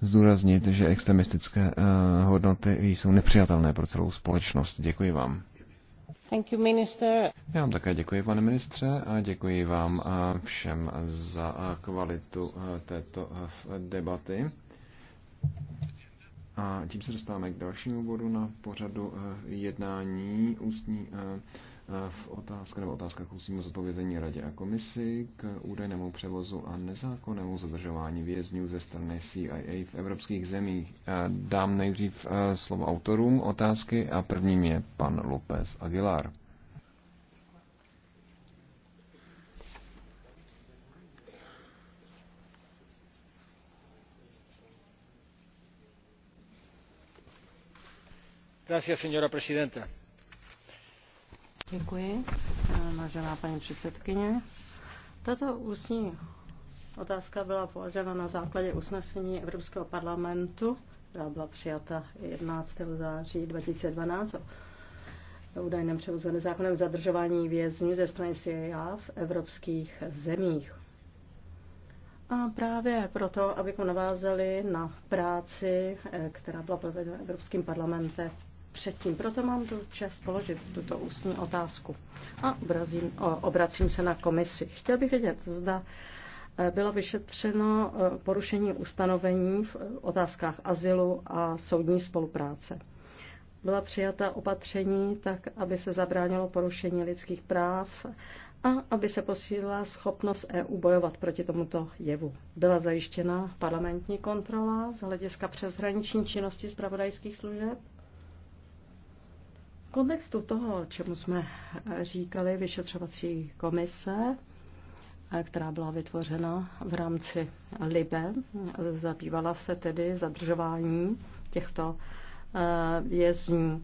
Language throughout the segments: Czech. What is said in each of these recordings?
zdůraznit, že extremistické eh, hodnoty jsou nepřijatelné pro celou společnost. Děkuji vám. Thank you, minister. Já vám také děkuji, pane ministře, a děkuji vám eh, všem za eh, kvalitu této debaty. A tím se dostáváme k dalšímu bodu na pořadu jednání ústní Eh, v otázka nebo otázka k ústnímu zodpovězení radě a komisi k údajnému převozu a nezákonnému zadržování vězňů ze strany CIA v evropských zemích. Eh, dám nejdřív eh, slovo autorům otázky a prvním je pan López Aguilar. Gracias, señora presidenta. Děkuji, vážená paní předsedkyně. Tato ústní otázka byla položena na základě usnesení Evropského parlamentu, která byla přijata 11. září 2012 o údajném převozu nezákonném zadržování vězňů ze strany CIA v evropských zemích. A právě proto, abychom navázali na práci, eh, která byla provedena Evropským parlamentem předtím. Proto mám tu čest položit tuto ústní otázku. A obrazím, obracím se na komisi. Chtěl bych vědět, zda e, bylo vyšetřeno e, porušení ustanovení v otázkách azylu a soudní spolupráce. Byla přijata opatření tak, aby se zabránilo porušení lidských práv a aby se posílila schopnost EU bojovat proti tomuto jevu. Byla zajištěna parlamentní kontrola z hlediska přeshraniční činnosti zpravodajských služeb? kontextu toho, čemu jsme eh, říkali, vyšetřovací komise, eh, která byla vytvořena v rámci LIBE, zabývala se tedy zadržování těchto eh, vězňů.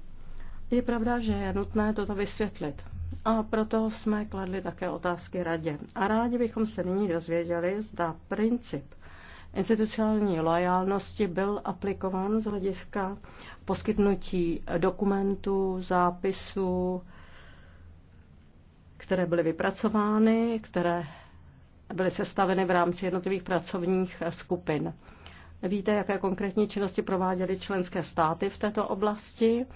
Je pravda, že je nutné toto vysvětlit. A proto jsme kladli také otázky radě. A rádi bychom se nyní dozvěděli, zda princip institucionální loajálnosti byl aplikován z hlediska poskytnutí dokumentů, zápisů, které byly vypracovány, které byly sestaveny v rámci jednotlivých pracovních skupin. Víte, jaké konkrétní činnosti prováděly členské státy v této oblasti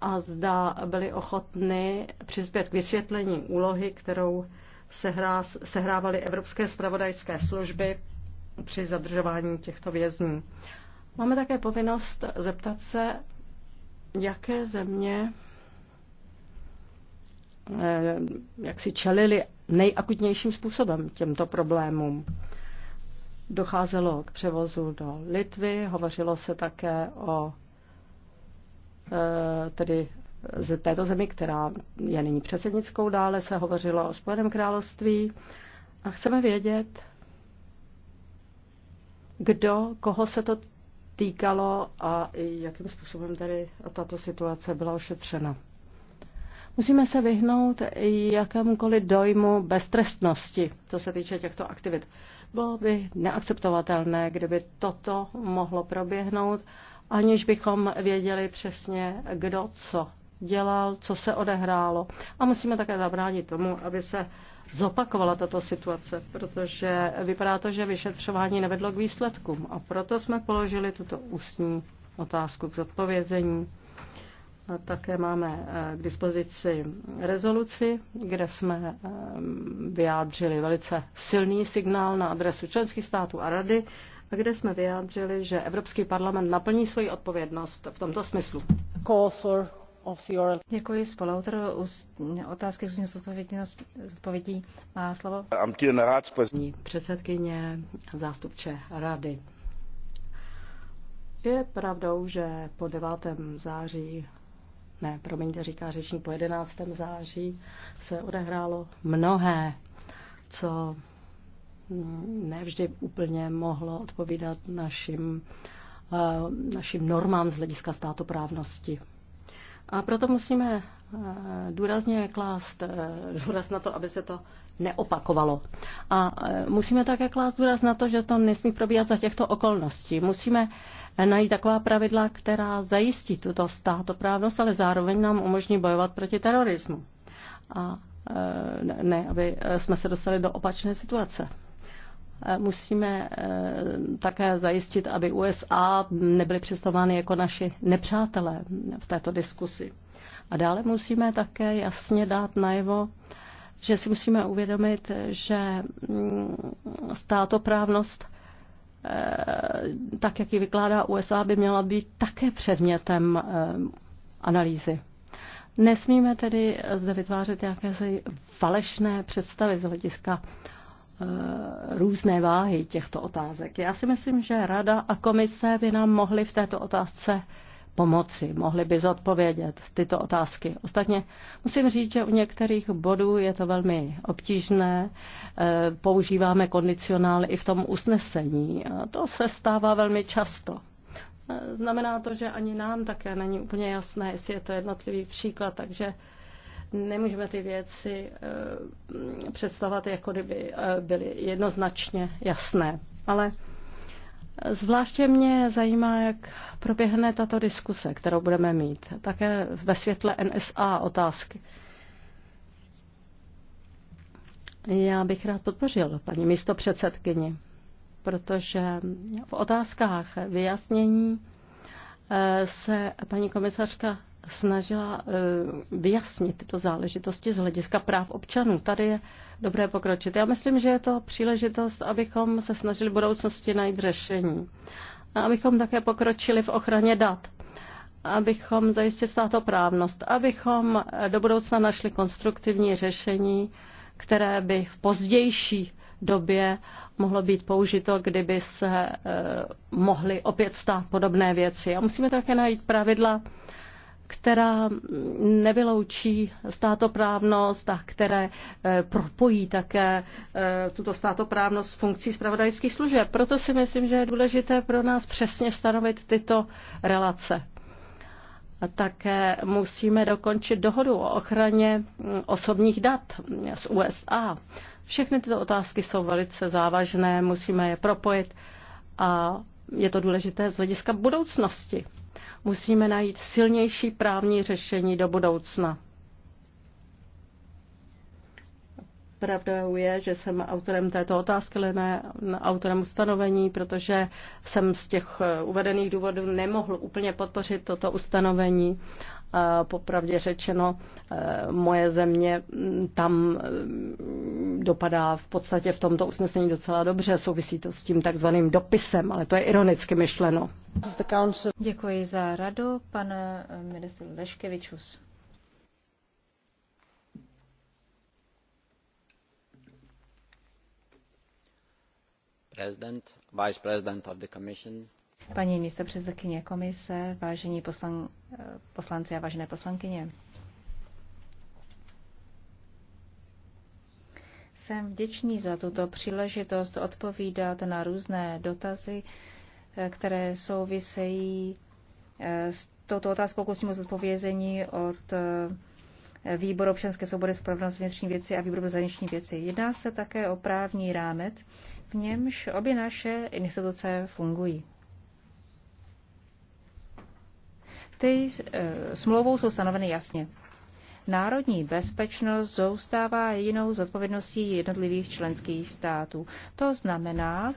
a zda byly ochotny přispět k vysvětlení úlohy, kterou sehrá, sehrávaly Evropské spravodajské služby při zadržování těchto vězňů. Máme také povinnost zeptat se, jaké země eh, jak si čelili nejakutnějším způsobem těmto problémům. Docházelo k převozu do Litvy, hovořilo se také o eh, tedy z této zemi, která je nyní předsednickou dále, se hovořilo o Spojeném království. A chceme vědět, kdo, koho se to týkalo a jakým způsobem tady tato situace byla ošetřena. Musíme se vyhnout jakémukoliv dojmu beztrestnosti, co se týče těchto aktivit. Bylo by neakceptovatelné, kdyby toto mohlo proběhnout, aniž bychom věděli přesně, kdo co dělal, co se odehrálo. A musíme také zabránit tomu, aby se zopakovala tato situace, protože vypadá to, že vyšetřování nevedlo k výsledkům a proto jsme položili tuto ústní otázku k zodpovězení. A také máme eh, k dispozici rezoluci, kde jsme eh, vyjádřili velice silný signál na adresu členských států a rady, a kde jsme vyjádřili, že Evropský parlament naplní svoji odpovědnost v tomto smyslu. Call for Děkuji spoluautor otázky z odpovědí má slovo. Předsedkyně zástupče rady. Je pravdou, že po 9. září, ne, promiňte, říká řeční po 11. září se odehrálo mnohé, co nevždy úplně mohlo odpovídat našim, eh, našim normám z hlediska státoprávnosti. A proto musíme eh, důrazně klást eh, důraz na to, aby se to neopakovalo. A eh, musíme také klást důraz na to, že to nesmí probíhat za těchto okolností. Musíme najít taková pravidla, která zajistí tuto státoprávnost, ale zároveň nám umožní bojovat proti terorismu. A ne, aby jsme se dostali do opačné situace musíme eh, také zajistit, aby USA nebyly představovány jako naši nepřátelé v této diskusi. A dále musíme také jasně dát najevo, že si musíme uvědomit, že mm, státoprávnost eh, tak, jak ji vykládá USA, by měla být také předmětem eh, analýzy. Nesmíme tedy zde vytvářet nějaké falešné představy z hlediska Eh, různé váhy těchto otázek. Já si myslím, že Rada a Komise by nám mohly v této otázce pomoci, mohly by zodpovědět tyto otázky. Ostatně musím říct, že u některých bodů je to velmi obtížné. Eh, používáme kondicionály i v tom usnesení. To se stává velmi často. Eh, znamená to, že ani nám také není úplně jasné, jestli je to jednotlivý příklad, takže Nemůžeme ty věci eh, představovat, jako kdyby eh, byly jednoznačně jasné. Ale Zvláště mě zajímá, jak proběhne tato diskuse, kterou budeme mít, také ve světle NSA otázky. Já bych rád podpořil paní místo předsedkyni, protože v otázkách vyjasnění eh, se paní komisařka snažila eh, vyjasnit tyto záležitosti z hlediska práv občanů. Tady je dobré pokročit. Já myslím, že je to příležitost, abychom se snažili v budoucnosti najít řešení. A abychom také pokročili v ochraně dat abychom zajistili státoprávnost, abychom eh, do budoucna našli konstruktivní řešení, které by v pozdější době mohlo být použito, kdyby se eh, mohly opět stát podobné věci. A musíme také najít pravidla, která nevyloučí státoprávnost a které eh, propojí také eh, tuto státoprávnost s funkcí zpravodajských služeb. Proto si myslím, že je důležité pro nás přesně stanovit tyto relace. A také musíme dokončit dohodu o ochraně hm, osobních dat hm, z USA. Všechny tyto otázky jsou velice závažné, musíme je propojit a je to důležité z hlediska budoucnosti. Musíme najít silnější právní řešení do budoucna. Pravdou je, že jsem autorem této otázky, ale ne autorem ustanovení, protože jsem z těch eh, uvedených důvodů nemohl úplně podpořit toto ustanovení Eh, popravdě řečeno, eh, moje země mm, tam mm, dopadá v podstatě v tomto usnesení docela dobře, souvisí to s tím takzvaným dopisem, ale to je ironicky myšleno. Děkuji za radu, pane eh, ministr Leškevičus. President, Vice President of the Commission, paní předsedkyně komise, vážení poslan, poslanci a vážené poslankyně. Jsem vděčný za tuto příležitost odpovídat na různé dotazy, které souvisejí eh, s touto otázkou kusím o zodpovězení od eh, výboru občanské svobody, spravedlnost vnitřní věci a výboru zahraniční věci. Jedná se také o právní rámec, v němž obě naše instituce fungují. ty eh, smlouvou jsou stanoveny jasně. Národní bezpečnost zůstává jinou zodpovědností jednotlivých členských států. To znamená,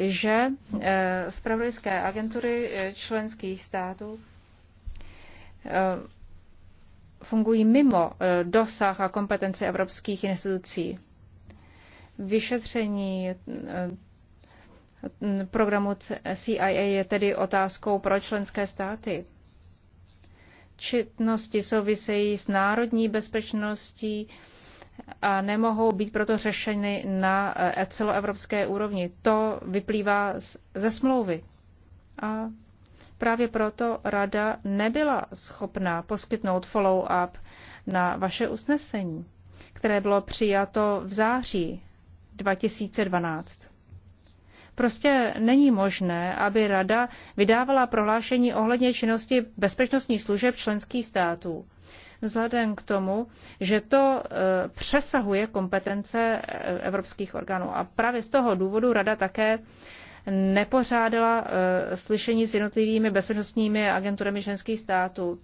že spravodajské eh, agentury eh, členských států fungují mimo dosah a kompetenci evropských institucí. Vyšetření programu CIA je tedy otázkou pro členské státy. Četnosti souvisejí s národní bezpečností a nemohou být proto řešeny na e, celoevropské úrovni. To vyplývá ze smlouvy. A právě proto Rada nebyla schopná poskytnout follow-up na vaše usnesení, které bylo přijato v září 2012. Prostě není možné, aby Rada vydávala prohlášení ohledně činnosti bezpečnostních služeb členských států. Vzhledem k tomu, že to e, přesahuje kompetence e, evropských orgánů. A právě z toho důvodu Rada také nepořádala e, slyšení s jednotlivými bezpečnostními agenturami členských států.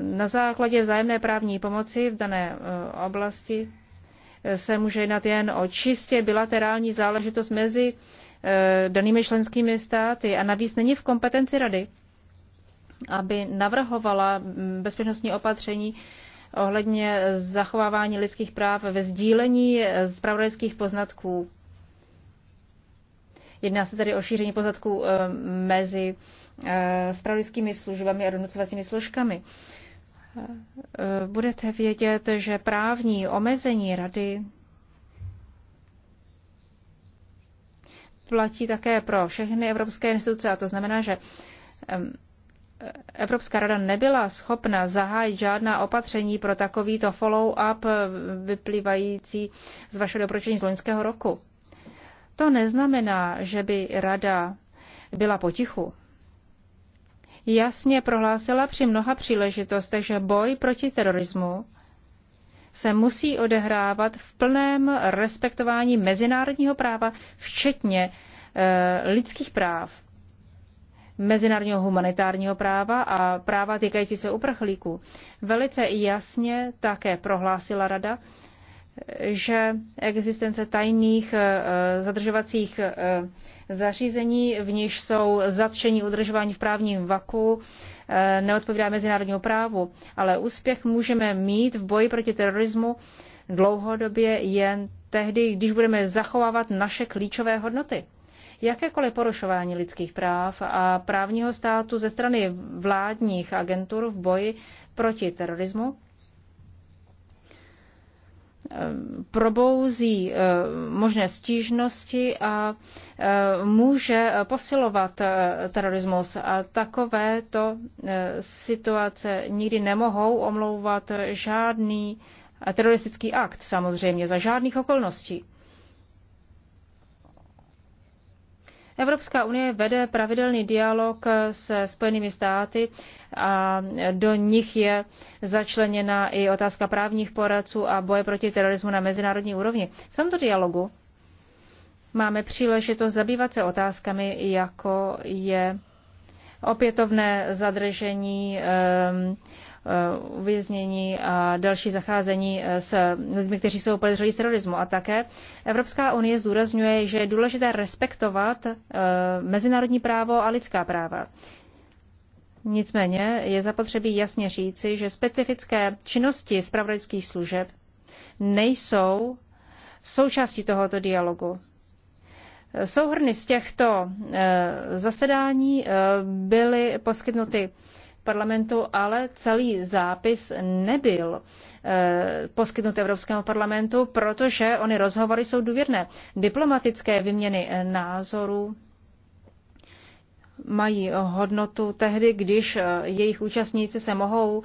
Na základě vzájemné právní pomoci v dané oblasti se může jednat jen o čistě bilaterální záležitost mezi eh, danými členskými státy a navíc není v kompetenci rady, aby navrhovala mm, bezpečnostní opatření ohledně zachovávání lidských práv ve sdílení eh, zpravodajských poznatků. Jedná se tedy o šíření poznatků eh, mezi spravodajskými službami a donucovacími složkami budete vědět, že právní omezení rady platí také pro všechny evropské instituce. A to znamená, že Evropská rada nebyla schopna zahájit žádná opatření pro takovýto follow-up vyplývající z vašeho doporučení z loňského roku. To neznamená, že by rada byla potichu jasně prohlásila při mnoha příležitostech, že boj proti terorismu se musí odehrávat v plném respektování mezinárodního práva, včetně e, lidských práv, mezinárodního humanitárního práva a práva týkající se uprchlíků. Velice jasně také prohlásila Rada, že existence tajných eh, zadržovacích eh, zařízení, v níž jsou zatčení udržování v právním vaku, eh, neodpovídá mezinárodnímu právu. Ale úspěch můžeme mít v boji proti terorismu dlouhodobě jen tehdy, když budeme zachovávat naše klíčové hodnoty. Jakékoliv porušování lidských práv a právního státu ze strany vládních agentur v boji proti terorismu probouzí eh, možné stížnosti a eh, může posilovat eh, terorismus. A takovéto situace nikdy nemohou omlouvat žádný teroristický akt samozřejmě za žádných okolností. Evropská unie vede pravidelný dialog se Spojenými státy a do nich je začleněna i otázka právních poradců a boje proti terorismu na mezinárodní úrovni. V tomto dialogu máme příležitost zabývat se otázkami, jako je opětovné zadržení ehm, Eh, uvěznění a další zacházení eh, s lidmi, kteří jsou podezřelí z terorismu. A také Evropská unie zdůrazňuje, že je důležité respektovat eh, mezinárodní právo a lidská práva. Nicméně je zapotřebí jasně říci, že specifické činnosti zpravodajských služeb nejsou součástí tohoto dialogu. Souhrny z těchto zasedání byly poskytnuty parlamentu, ale celý zápis nebyl eh, poskytnut Evropskému parlamentu, protože ony rozhovory jsou důvěrné. Diplomatické vyměny eh, názorů mají hodnotu tehdy, když eh, jejich účastníci se mohou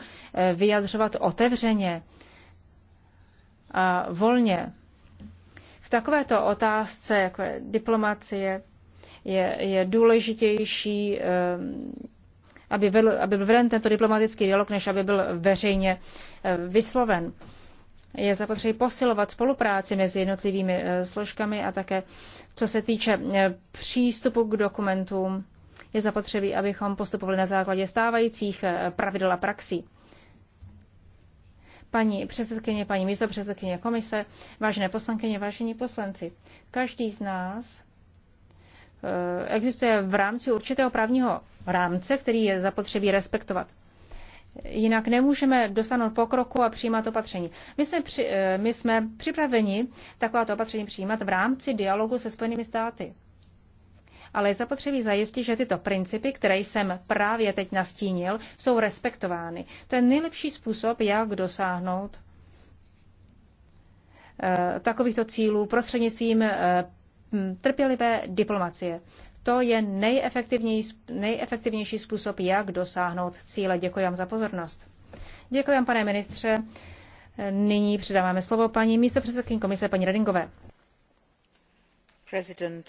vyjadřovat otevřeně a volně. V takovéto otázce, jako je diplomacie, je, je důležitější aby, vedl, aby byl veden tento diplomatický dialog, než aby byl veřejně eh, vysloven. Je zapotřebí posilovat spolupráci mezi jednotlivými eh, složkami a také, co se týče eh, přístupu k dokumentům, je zapotřebí, abychom postupovali na základě stávajících pravidel a praxí paní předsedkyně, paní místopředsedkyně komise, vážené poslankyně, vážení poslanci. Každý z nás Eh, existuje v rámci určitého právního rámce, který je zapotřebí respektovat. Jinak nemůžeme dosáhnout pokroku a přijímat opatření. My jsme, při, eh, my jsme připraveni takováto opatření přijímat v rámci dialogu se Spojenými státy. Ale je zapotřebí zajistit, že tyto principy, které jsem právě teď nastínil, jsou respektovány. To je nejlepší způsob, jak dosáhnout eh, takovýchto cílů prostřednictvím Hm, trpělivé diplomacie. To je nejefektivnější způsob, jak dosáhnout cíle. Děkuji vám za pozornost. Děkuji vám, pane ministře. Nyní předáváme slovo paní místopředsedkyni komise, paní Redingové. President.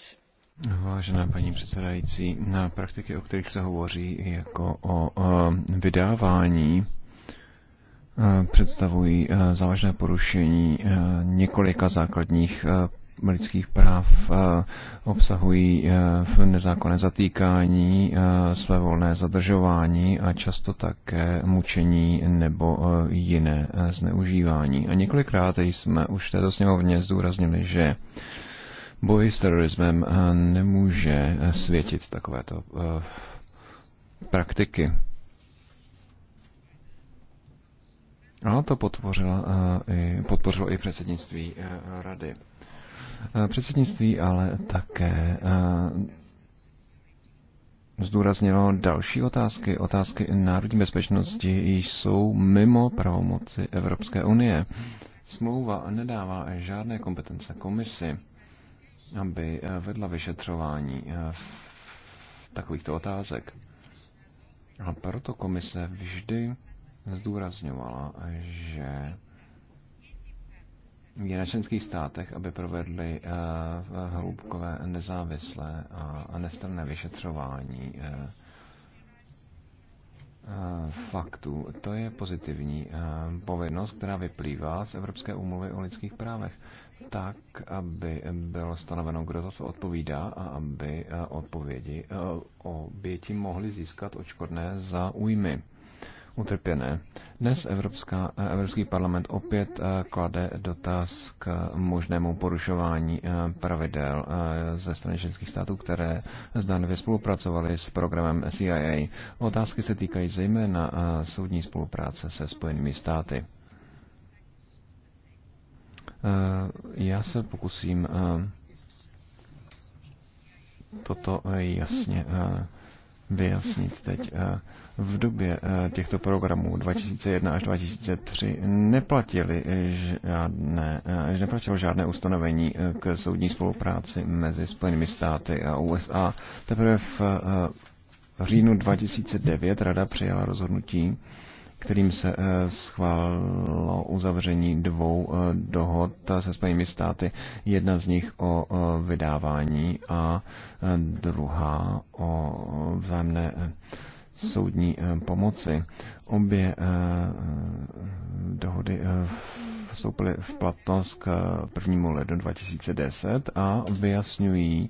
Vážená paní předsedající, na praktiky, o kterých se hovoří jako o vydávání, e, představují e, závažné porušení e, několika základních lidských práv eh, obsahují eh, nezákonné zatýkání, eh, své volné zadržování a často také mučení nebo jiné zneužívání. A několikrát jsme už v této sněmovně zdůraznili, že boj s terorismem nemůže světit takovéto praktiky. A to podpořilo, podpořilo i předsednictví rady. Eh, předsednictví ale také eh, zdůraznilo další otázky. Otázky národní bezpečnosti již jsou mimo pravomoci Evropské unie. Smlouva nedává žádné kompetence komisi, aby eh, vedla vyšetřování takovýchto otázek. A proto komise vždy zdůrazňovala, že je na členských státech, aby provedli eh, hloubkové, nezávislé a nestranné vyšetřování eh, eh, faktů. To je pozitivní povinnost, která vyplývá z Evropské úmluvy o lidských právech, tak, aby bylo stanoveno, kdo za to odpovídá a aby odpovědi oběti mohly získat očkodné za újmy utrpěné. Dnes Evropská, eh, Evropský parlament opět eh, klade dotaz k možnému porušování eh, pravidel ze strany členských států, které zdánlivě spolupracovaly s programem CIA. Otázky se týkají zejména soudní spolupráce se Spojenými státy. Já se pokusím toto jasně vyjasnit teď v době eh, těchto programů 2001 až 2003 neplatili žádné, eh, neplatilo žádné ustanovení eh, k soudní spolupráci mezi Spojenými státy a USA. Teprve v říjnu 2009 Rada přijala rozhodnutí, kterým se schválilo uzavření dvou dohod se Spojenými státy. Jedna z nich o vydávání a druhá o vzájemné soudní eh, pomoci. Obě eh, dohody eh, vstoupily v platnost k 1. lednu 2010 a vyjasňují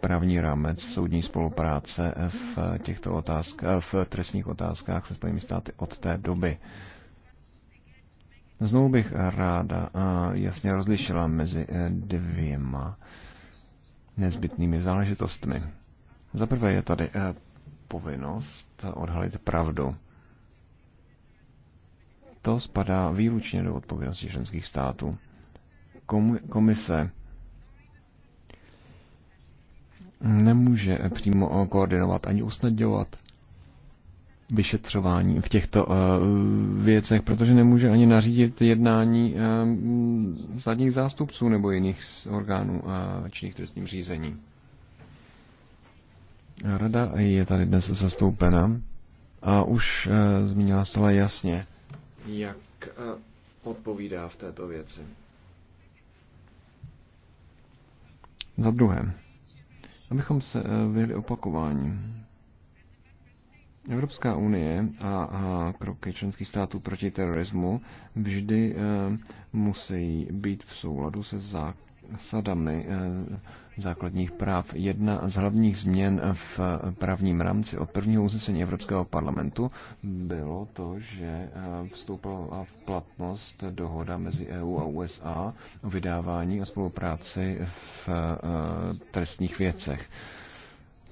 právní rámec soudní spolupráce v těchto otázkách, v trestních otázkách se Spojenými státy od té doby. Znovu bych ráda jasně rozlišila mezi dvěma nezbytnými záležitostmi. Za prvé je tady povinnost odhalit pravdu. To spadá výlučně do odpovědnosti členských států. Komise nemůže přímo koordinovat ani usnadňovat vyšetřování v těchto eh, věcech, protože nemůže ani nařídit jednání zadních eh, zástupců nebo jiných orgánů eh, činných trestním řízení. Rada je tady dnes zastoupena a už uh, zmínila zcela jasně, jak uh, odpovídá v této věci. Za druhé, abychom se uh, vyhli opakování. Evropská unie a, a kroky členských států proti terorismu vždy uh, musí být v souladu se zásadami uh, základních práv. Jedna z hlavních změn v právním rámci od prvního usnesení Evropského parlamentu bylo to, že eh, vstoupila v platnost dohoda mezi EU a USA o vydávání a spolupráci v eh, trestních věcech.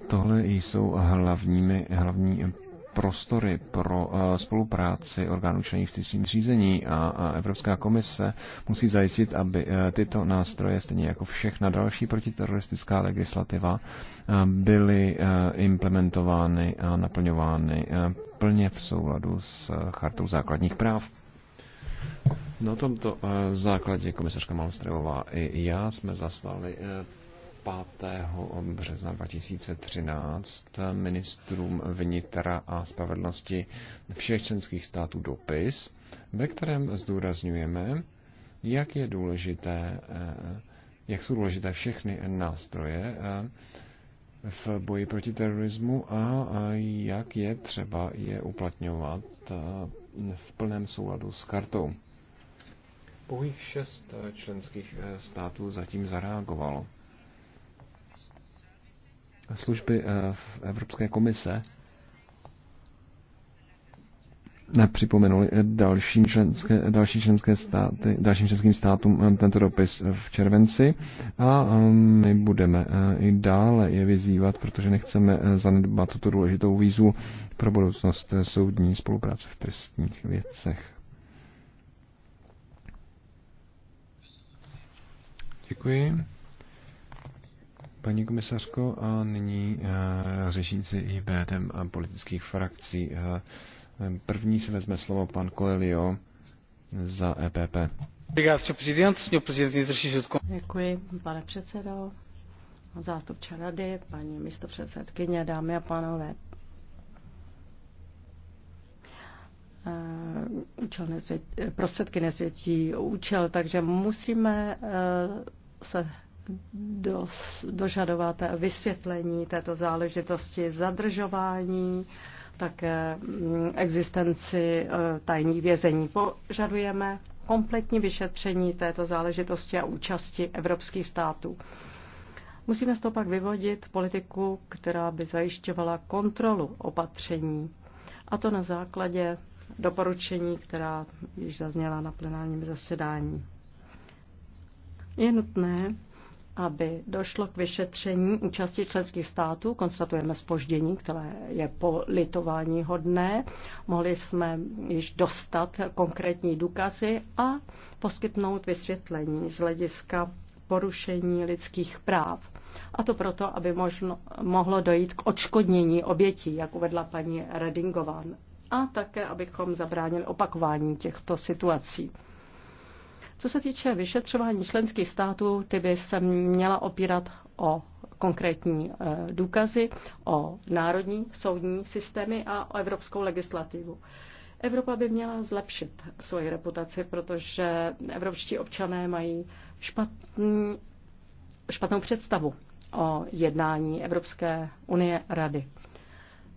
Tohle jsou hlavními, hlavní prostory pro eh, spolupráci orgánů členů v trestním řízení a Evropská komise musí zajistit, aby eh, tyto nástroje, stejně jako všechna další protiteroristická legislativa, eh, byly implementovány a naplňovány plně v souladu s Chartou základních práv. Na tomto základě komisařka Malmstrevová i já jsme zaslali 5. března 2013 ministrům vnitra a spravedlnosti všech členských států dopis, ve kterém zdůrazňujeme, jak je důležité, eh, jak jsou důležité všechny nástroje eh, v boji proti terorismu a jak je třeba je uplatňovat eh, v plném souladu s kartou. Pouhých šest členských států zatím zareagovalo služby eh, v Evropské komise nepřipomenuli eh, dalším členské, další členské státy, dalším členským státům eh, tento dopis v červenci a ehm, my budeme i dále je vyzývat, protože nechceme zanedbat tuto důležitou výzvu pro budoucnost soudní spolupráce v trestních věcech. Děkuji. Paní komisařko, a nyní eh, i IBM a eh, politických frakcí. Eh, první si vezme slovo pan Coelho za EPP. Děkuji, pane předsedo, zástupče rady, paní místopředsedkyně, dámy a pánové. Účel nezvět, prostředky nezvětí účel, takže musíme se dos, dožadovat vysvětlení této záležitosti zadržování, také mm, existenci e, tajných vězení. Požadujeme kompletní vyšetření této záležitosti a účasti evropských států. Musíme z toho pak vyvodit politiku, která by zajišťovala kontrolu opatření, a to na základě doporučení, která již zazněla na plenárním zasedání. Je nutné aby došlo k vyšetření účasti členských států. Konstatujeme spoždění, které je politování hodné. Mohli jsme již dostat konkrétní důkazy a poskytnout vysvětlení z hlediska porušení lidských práv. A to proto, aby možno, mohlo dojít k odškodnění obětí, jak uvedla paní Redingová. A také, abychom zabránili opakování těchto situací. Co se týče vyšetřování členských států, ty by se měla opírat o konkrétní e, důkazy, o národní soudní systémy a o evropskou legislativu. Evropa by měla zlepšit svoji reputaci, protože evropští občané mají špatný, špatnou představu o jednání Evropské unie rady.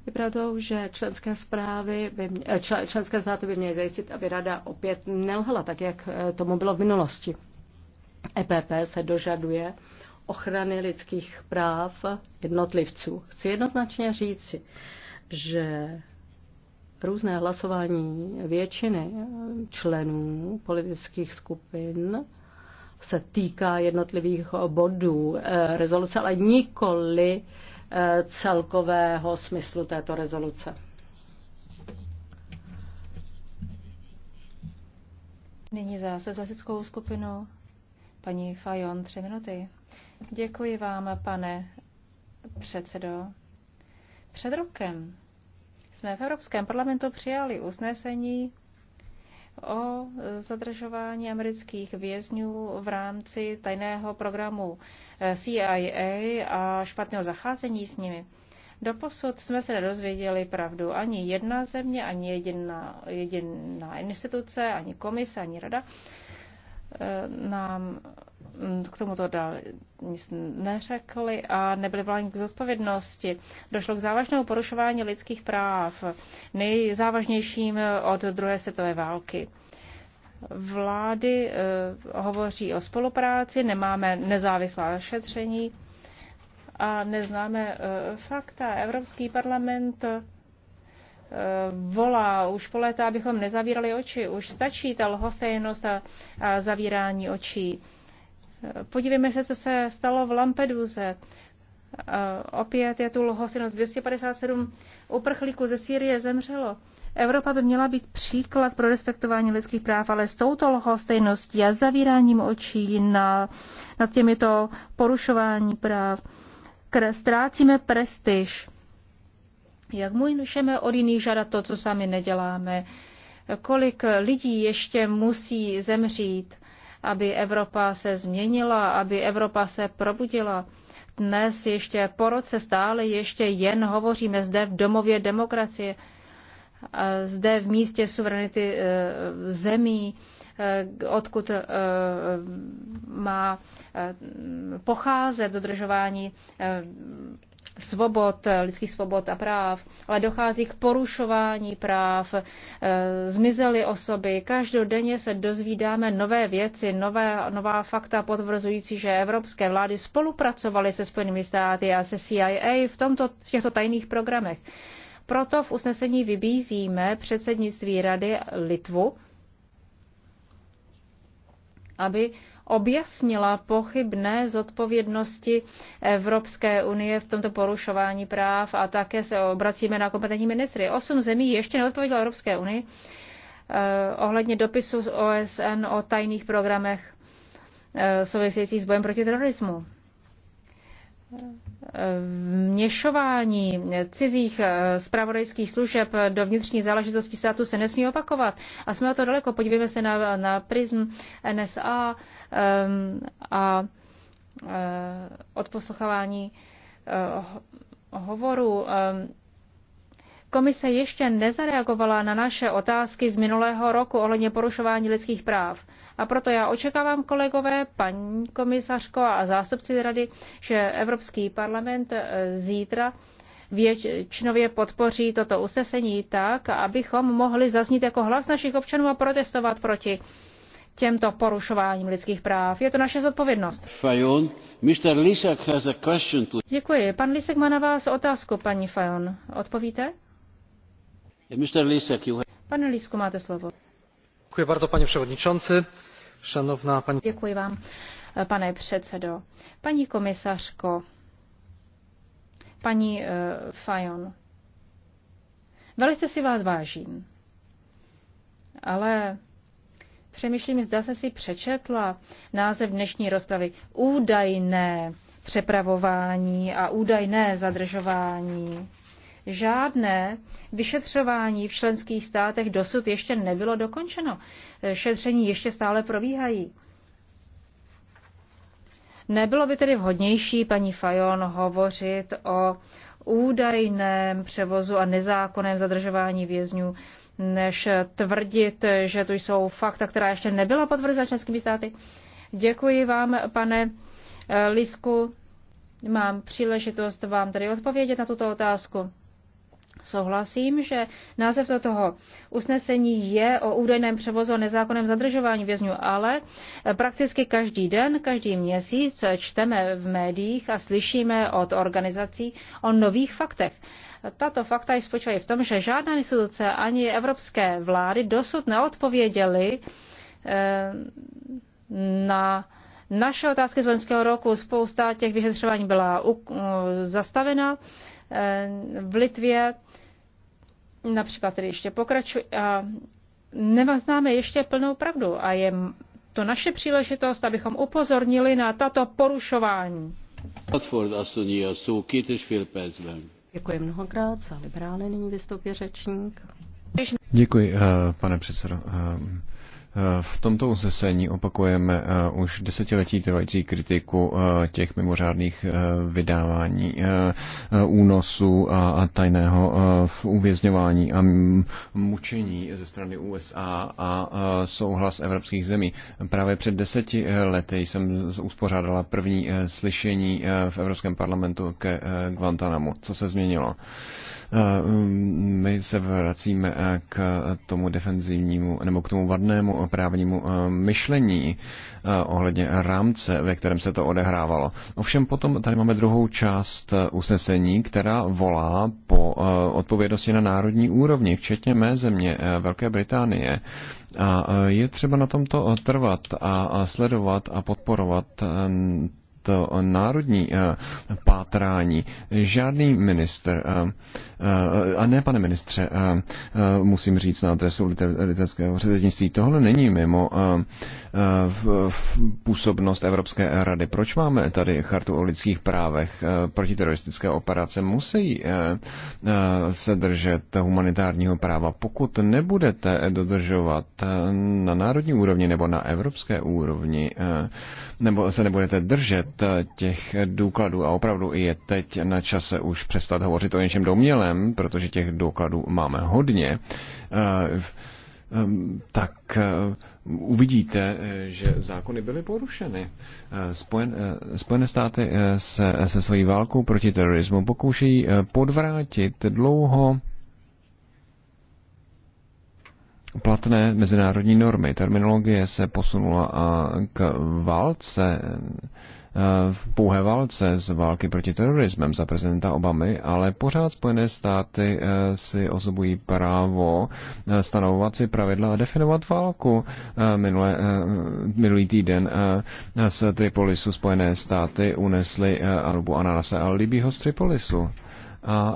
Je pravdou, že členské, zprávy by, eh, čl, členské státy by měly zajistit, aby rada opět nelhala, tak jak eh, tomu bylo v minulosti. EPP se dožaduje ochrany lidských práv jednotlivců. Chci jednoznačně říci, že různé hlasování většiny členů politických skupin se týká jednotlivých bodů eh, rezoluce, ale nikoli celkového smyslu této rezoluce. Nyní za sickou skupinu paní Fajon tři minuty. Děkuji vám, pane předsedo. Před rokem jsme v Evropském parlamentu přijali usnesení o zadržování amerických vězňů v rámci tajného programu eh, CIA a špatného zacházení s nimi. Doposud jsme se nedozvěděli pravdu. Ani jedna země, ani jediná, jediná instituce, ani komise, ani rada Eh, nám mm, k tomuto dál nic neřekli a nebyli vláni k zodpovědnosti. Došlo k závažnému porušování lidských práv, nejzávažnějším od druhé světové války. Vlády eh, hovoří o spolupráci, nemáme nezávislá šetření a neznáme eh, fakta. Evropský parlament Eh, volá už po léta, abychom nezavírali oči. Už stačí ta lhostejnost a, a zavírání očí. Eh, podívejme se, co se stalo v Lampeduze. Eh, opět je tu lhostejnost. 257 uprchlíků ze Sýrie zemřelo. Evropa by měla být příklad pro respektování lidských práv, ale s touto lhostejností a zavíráním očí na, nad těmito porušování práv ztrácíme prestiž jak můžeme od jiných žádat to, co sami neděláme? Kolik lidí ještě musí zemřít, aby Evropa se změnila, aby Evropa se probudila? Dnes ještě po roce stále ještě jen hovoříme zde v domově demokracie, zde v místě suverenity e, zemí, e, odkud e, má pocházet dodržování svobod, eh, lidských svobod a práv, ale dochází k porušování práv, eh, zmizely osoby. Každodenně se dozvídáme nové věci, nové, nová fakta potvrzující, že evropské vlády spolupracovaly se Spojenými státy a se CIA v, tomto, v těchto tajných programech. Proto v usnesení vybízíme předsednictví Rady Litvu, aby objasnila pochybné zodpovědnosti Evropské unie v tomto porušování práv a také se obracíme na kompetentní ministry. Osm zemí ještě neodpověděla Evropské unii eh, ohledně dopisu z OSN o tajných programech eh, souvisejících s bojem proti terorismu vměšování cizích eh, zpravodajských služeb do vnitřní záležitosti státu se nesmí opakovat. A jsme o to daleko. Podívejme se na, na prism NSA um, a uh, eh, odposlouchávání uh, eh, hovoru. Um, Komise ještě nezareagovala na naše otázky z minulého roku ohledně porušování lidských práv. A proto já očekávám, kolegové, paní komisařko a zástupci rady, že Evropský parlament eh, zítra většinově podpoří toto usnesení tak, abychom mohli zaznít jako hlas našich občanů a protestovat proti těmto porušováním lidských práv. Je to naše zodpovědnost. Fajon, Mr. Lisek has a question to... Děkuji. Pan Lisek má na vás otázku, paní Fajon. Odpovíte? Pane Lísku, máte slovo. Děkuji bardzo, pane předsedající. Šanovná paní... Děkuji vám, pane předsedo. Paní komisařko, paní uh, Fajon, velice si vás vážím, ale přemýšlím, zda se si přečetla název dnešní rozpravy. Údajné přepravování a údajné zadržování Žádné vyšetřování v členských státech dosud ještě nebylo dokončeno. Eh, šetření ještě stále probíhají. Nebylo by tedy vhodnější, paní Fajon, hovořit o údajném převozu a nezákonném zadržování vězňů, než tvrdit, že tu jsou fakta, která ještě nebyla potvrzena členskými státy. Děkuji vám, pane eh, Lisku. Mám příležitost vám tady odpovědět na tuto otázku souhlasím, že název toho usnesení je o údajném převozu a nezákonném zadržování vězňů, ale prakticky každý den, každý měsíc co čteme v médiích a slyšíme od organizací o nových faktech. Tato fakta spočívají v tom, že žádná instituce ani evropské vlády dosud neodpověděly eh, na naše otázky z loňského roku. Spousta těch vyšetřování byla zastavena eh, v Litvě Například tedy ještě pokračuji. A neznáme ještě plnou pravdu a je to naše příležitost, abychom upozornili na tato porušování. Děkuji mnohokrát za liberály, nyní vystoupí řečník. Děkuji, eh, pane předsedo. Eh, v tomto usnesení opakujeme eh, už desetiletí trvající kritiku eh, těch mimořádných eh, vydávání únosů a tajného uvězňování a mučení ze strany USA a souhlas evropských zemí. Právě před deseti lety jsem uspořádala první slyšení v Evropském parlamentu ke Guantanamu. Co se změnilo? Eh, mm, my se vracíme eh, k tomu defenzivnímu nebo k tomu vadnému právnímu eh, myšlení ohledně rámce, ve kterém se to odehrávalo. Ovšem potom tady máme druhou část usnesení, která volá po odpovědnosti na národní úrovni, včetně mé země, Velké Británie. A je třeba na tomto trvat a sledovat a podporovat to národní eh, pátrání. Žádný minister, eh, eh, a ne pane ministře, musím říct na adresu litevského předsednictví, tohle není mimo působnost Evropské rady. Proč máme tady chartu o lidských právech? Protiteroristické operace musí se držet humanitárního práva. Pokud nebudete dodržovat na národní úrovni nebo na evropské úrovni, nebo se nebudete držet Eh, těch důkladů a opravdu je teď na čase už přestat hovořit o něčem domělem, protože těch důkladů máme hodně, eh, ehm, tak eh, uvidíte, že zákony byly porušeny. Spojené státy se, se svojí válkou proti terorismu pokoušejí podvrátit dlouho platné mezinárodní normy. Terminologie se posunula k válce v pouhé válce z války proti terorismem za prezidenta Obamy, ale pořád Spojené státy eh, si osobují právo eh, stanovovat si pravidla a definovat válku. Eh, minule, minulý týden z Tripolisu Spojené státy unesly Arubu Ananase a Libího z Tripolisu a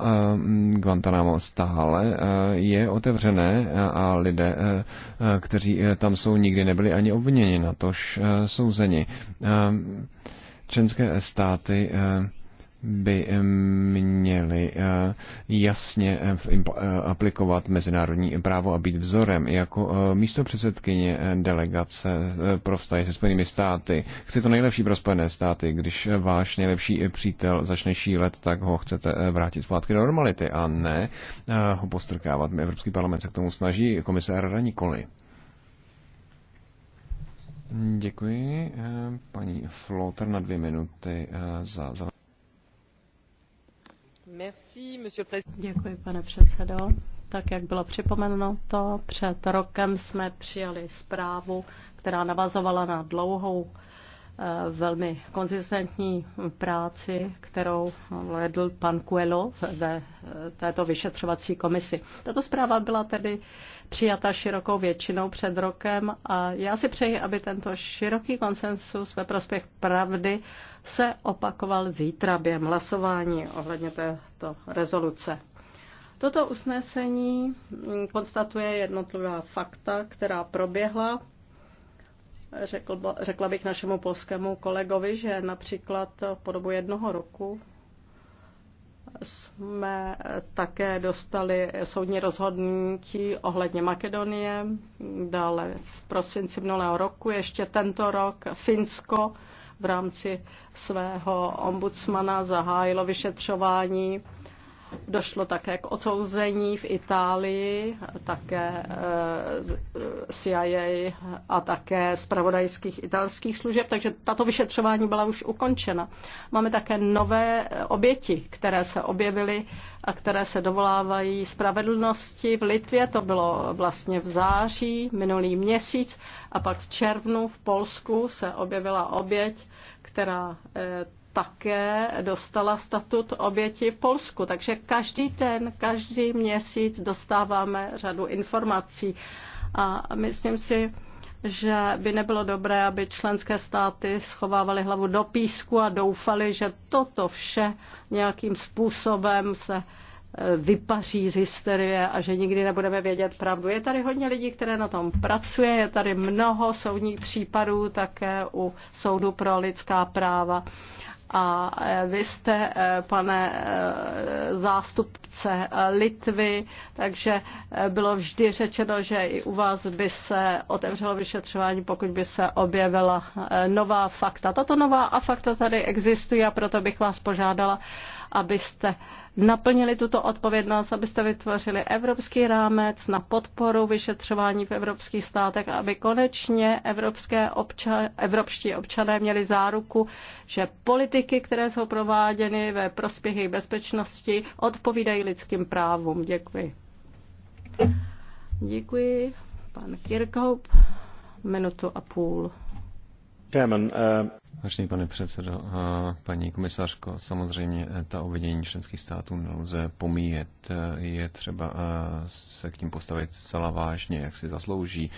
Guantanamo stále je otevřené a lidé, kteří tam jsou, nikdy nebyli ani obviněni, natož souzeni. Členské státy eh, by eh, měly eh, jasně aplikovat mezinárodní právo a být vzorem. Jako místo předsedkyně delegace pro vztahy se Spojenými státy chci to nejlepší pro Spojené státy. Když váš nejlepší přítel začne šílet, tak ho chcete vrátit zpátky do normality a ne ho postrkávat. Evropský parlament se k tomu snaží, komise Rada nikoli. Děkuji. Eh, paní Flotter na dvě minuty eh, za. za... Děkuji, pane předsedo. Tak, jak bylo připomenuto, před rokem jsme přijali zprávu, která navazovala na dlouhou, eh, velmi konzistentní práci, kterou vedl pan Kuelo ve této vyšetřovací komisi. Tato zpráva byla tedy přijata širokou většinou před rokem a já si přeji, aby tento široký konsensus ve prospěch pravdy se opakoval zítra během hlasování ohledně této rezoluce. Toto usnesení konstatuje jednotlivá fakta, která proběhla. Řekl, řekla bych našemu polskému kolegovi, že například po dobu jednoho roku jsme také dostali soudní rozhodnutí ohledně Makedonie, dále v prosinci minulého roku, ještě tento rok Finsko v rámci svého ombudsmana zahájilo vyšetřování Došlo také k odsouzení v Itálii, také eh, eh, CIA a také zpravodajských italských služeb, takže tato vyšetřování byla už ukončena. Máme také nové eh, oběti, které se objevily a které se dovolávají spravedlnosti. V Litvě to bylo vlastně v září, minulý měsíc, a pak v červnu v Polsku se objevila oběť, která také dostala statut oběti v Polsku. Takže každý den, každý měsíc dostáváme řadu informací. A myslím si, že by nebylo dobré, aby členské státy schovávaly hlavu do písku a doufali, že toto vše nějakým způsobem se e, vypaří z hysterie a že nikdy nebudeme vědět pravdu. Je tady hodně lidí, které na tom pracuje, je tady mnoho soudních případů také u Soudu pro lidská práva. A e, vy jste, e, pane e, zástupce Litvy, takže bylo vždy řečeno, že i u vás by se otevřelo vyšetřování, pokud by se objevila nová fakta. Tato nová fakta tady existují a proto bych vás požádala, abyste naplnili tuto odpovědnost, abyste vytvořili evropský rámec na podporu vyšetřování v evropských státech, aby konečně evropské obča- evropští občané měli záruku, že politiky, které jsou prováděny ve prospěch jejich bezpečnosti, odpovídají lidským právům. Děkuji. Děkuji. Pan Kirkhope, minutu a půl. Chairman, uh... Vážený pane předsedo, a paní komisařko, samozřejmě eh, ta obvinění členských států nelze pomíjet. Eh, je třeba eh, se k tím postavit zcela vážně, jak si zaslouží.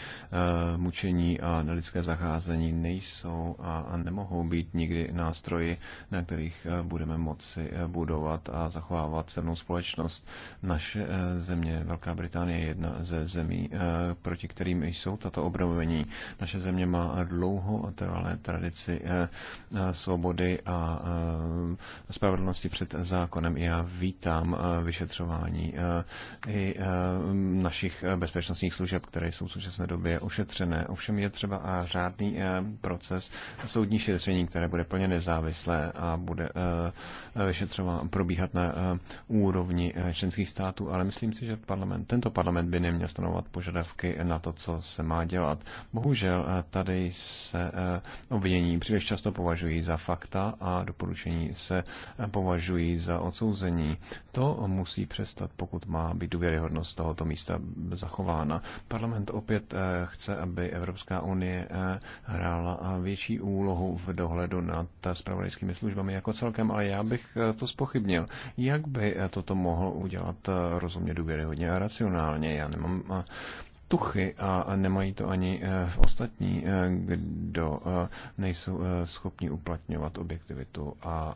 Mučení a nelidské zacházení nejsou a nemohou být nikdy nástroji, na kterých budeme moci budovat a zachovávat silnou společnost. Naše země, Velká Británie, je jedna ze zemí, proti kterým jsou tato obnovení. Naše země má dlouho a trvalé tradici Eh, svobody a eh, spravedlnosti před zákonem. Já vítám eh, vyšetřování i našich bezpečnostních služeb, které jsou v současné době ošetřené. Ovšem je třeba řádný proces soudní šetření, které bude plně nezávislé a bude vyšetřován, probíhat na úrovni členských států, ale myslím si, že parlament, tento parlament by neměl stanovat požadavky na to, co se má dělat. Bohužel tady se obvinění příliš často považují za fakta a doporučení se považují za odsouzení. To musí přestat, pokud má být důvěryhodnost tohoto místa zachována. Parlament opět eh, chce, aby Evropská unie eh, hrála eh, větší úlohu v dohledu nad spravodajskými službami jako celkem, ale já bych to spochybnil. Jak by toto mohlo udělat rozumně důvěryhodně a racionálně? Já nemám tuchy a nemají to ani eh, v ostatní, eh, kdo eh, nejsou schopni uplatňovat objektivitu a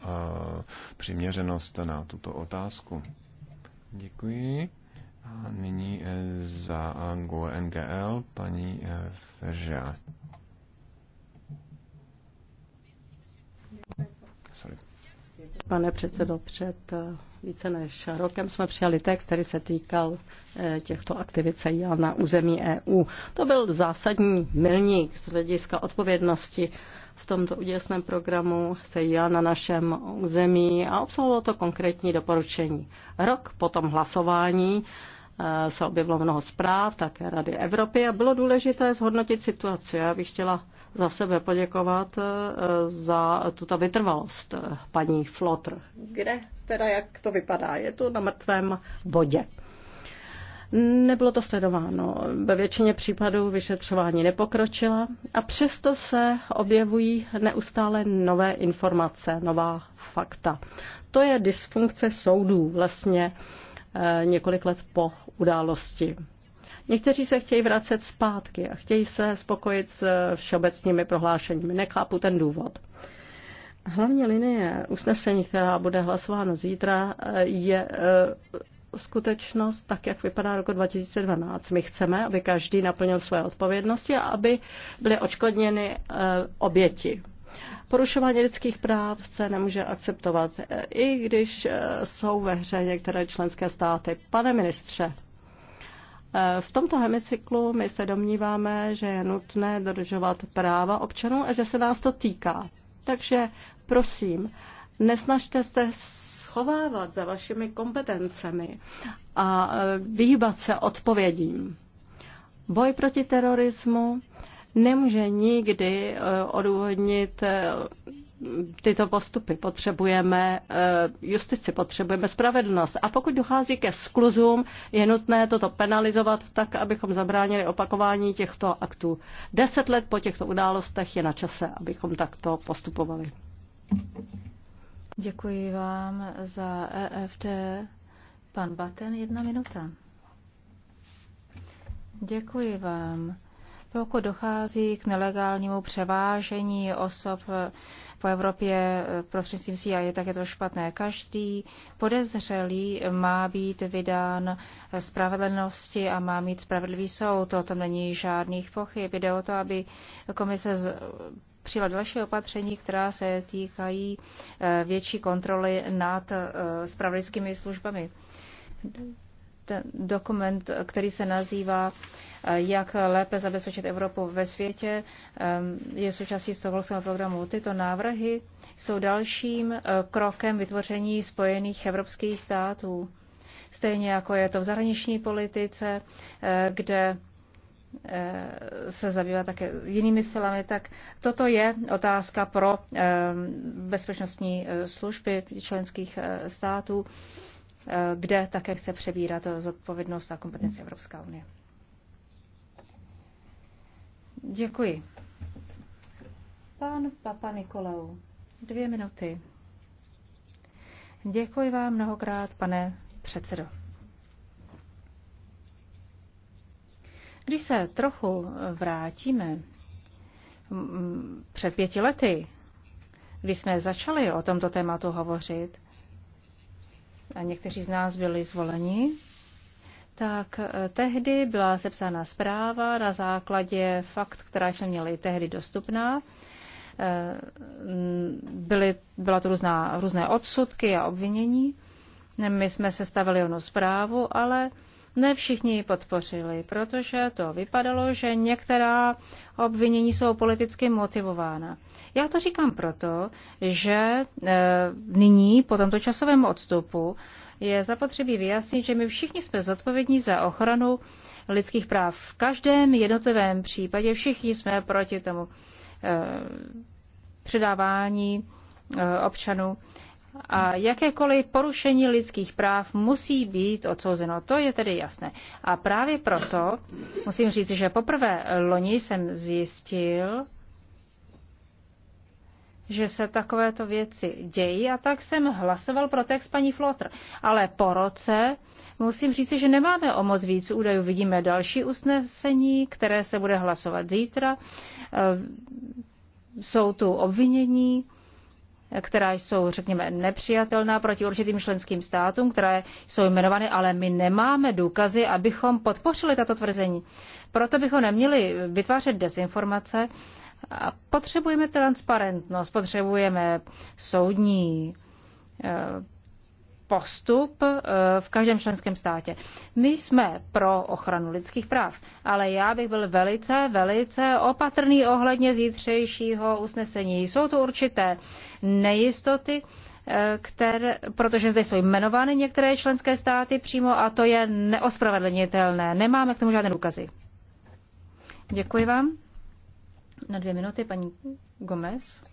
přiměřenost na tuto otázku. Děkuji. A nyní za GUE NGL paní Ferža. Sorry. Pane předsedo, před eh, více než rokem jsme přijali text, který se týkal eh, těchto aktivit CIA na území EU. To byl zásadní milník z hlediska odpovědnosti v tomto úděsném programu CIA na našem území a obsahovalo to konkrétní doporučení. Rok po tom hlasování eh, se objevilo mnoho zpráv, také Rady Evropy a bylo důležité zhodnotit situaci. Já bych chtěla za sebe poděkovat eh, za tuto vytrvalost eh, paní Flotr. Kde teda jak to vypadá? Je to na mrtvém bodě. Nebylo to sledováno. Ve většině případů vyšetřování nepokročila a přesto se objevují neustále nové informace, nová fakta. To je dysfunkce soudů vlastně eh, několik let po události. Někteří se chtějí vracet zpátky a chtějí se spokojit s eh, všeobecnými prohlášeními. Nechápu ten důvod. Hlavní linie usnesení, která bude hlasována zítra, eh, je eh, skutečnost tak, jak vypadá roku 2012. My chceme, aby každý naplnil své odpovědnosti a aby byly očkodněny oběti. Porušování lidských práv se nemůže akceptovat, i když jsou ve hře některé členské státy. Pane ministře, v tomto hemicyklu my se domníváme, že je nutné dodržovat práva občanů a že se nás to týká. Takže prosím, nesnažte se schovávat za vašimi kompetencemi a e, vyhýbat se odpovědím. Boj proti terorismu nemůže nikdy e, odůvodnit e, tyto postupy, potřebujeme eh, justici, potřebujeme spravedlnost. A pokud dochází ke skluzům, je nutné toto penalizovat tak, abychom zabránili opakování těchto aktů. Deset let po těchto událostech je na čase, abychom takto postupovali. Děkuji vám za EFT. Pan Baten, jedna minuta. Děkuji vám. Pokud dochází k nelegálnímu převážení osob po Evropě eh, prostřednictvím CIA, tak je to špatné. Každý podezřelý má být vydán spravedlnosti a má mít spravedlivý soud. O tom není žádných pochyb. Jde o to, aby komise z přijela další opatření, která se týkají eh, větší kontroly nad eh, spravedlickými službami ten dokument, který se nazývá eh, jak lépe zabezpečit Evropu ve světě, eh, je součástí stokholmského programu. Tyto návrhy jsou dalším eh, krokem vytvoření spojených evropských států. Stejně jako je to v zahraniční politice, kde se zabývá také jinými silami, tak toto je otázka pro bezpečnostní služby členských států. Eh, kde také chce přebírat zodpovědnost a kompetenci Evropská unie. Děkuji. Pan Papa Nikolau, dvě minuty. Děkuji vám mnohokrát, pane předsedo. Když se trochu vrátíme mm, mm, před pěti lety, když jsme začali o tomto tématu hovořit, a někteří z nás byli zvoleni, tak eh, tehdy byla sepsána zpráva na základě fakt, která jsme měli tehdy dostupná. Eh, byly, byla to různá, různé odsudky a obvinění. My jsme se stavili onu zprávu, ale ne všichni ji podpořili, protože to vypadalo, že některá obvinění jsou politicky motivována. Já to říkám proto, že e, nyní po tomto časovém odstupu je zapotřebí vyjasnit, že my všichni jsme zodpovědní za ochranu lidských práv. V každém jednotlivém případě všichni jsme proti tomu e, předávání e, občanů a jakékoliv porušení lidských práv musí být odsouzeno. To je tedy jasné. A právě proto musím říct, že poprvé loni jsem zjistil, že se takovéto věci dějí a tak jsem hlasoval pro text paní Flotr. Ale po roce musím říct, že nemáme o moc víc údajů. Vidíme další usnesení, které se bude hlasovat zítra. Eh, jsou tu obvinění, která jsou, řekněme, nepřijatelná proti určitým členským státům, které jsou jmenovány, ale my nemáme důkazy, abychom podpořili tato tvrzení. Proto bychom neměli vytvářet dezinformace a potřebujeme transparentnost, potřebujeme soudní eh, postup eh, v každém členském státě. My jsme pro ochranu lidských práv, ale já bych byl velice, velice opatrný ohledně zítřejšího usnesení. Jsou tu určité nejistoty, eh, které, protože zde jsou jmenovány některé členské státy přímo a to je neospravedlnitelné. Nemáme k tomu žádné důkazy. Děkuji vám na dvě minuty paní Gomez.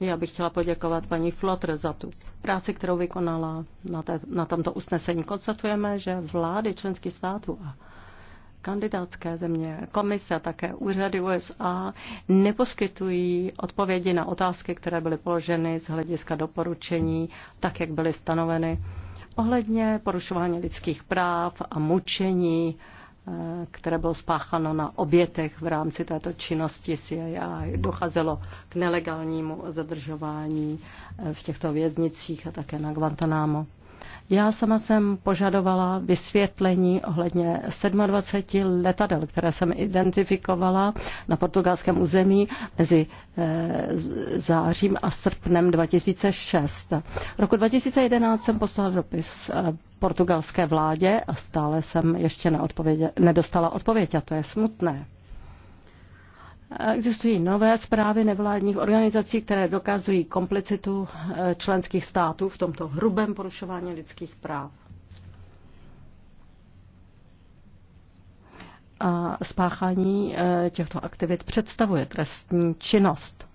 Já bych chtěla poděkovat paní Flotre za tu práci, kterou vykonala na, na tomto usnesení. Konstatujeme, že vlády členských států a kandidátské země, komise a také úřady USA neposkytují odpovědi na otázky, které byly položeny z hlediska doporučení, tak jak byly stanoveny ohledně porušování lidských práv a mučení Eh, které bylo spácháno na obětech v rámci této činnosti CIA. Docházelo k nelegálnímu zadržování eh, v těchto věznicích a také na Guantanamo. Já sama jsem požadovala vysvětlení ohledně 27 letadel, které jsem identifikovala na portugalském území mezi eh, zářím a srpnem 2006. Roku 2011 jsem poslala dopis eh, portugalské vládě a stále jsem ještě nedostala odpověď a to je smutné. Existují nové zprávy nevládních organizací, které dokazují komplicitu eh, členských států v tomto hrubém porušování lidských práv. A spáchání eh, těchto aktivit představuje trestní činnost.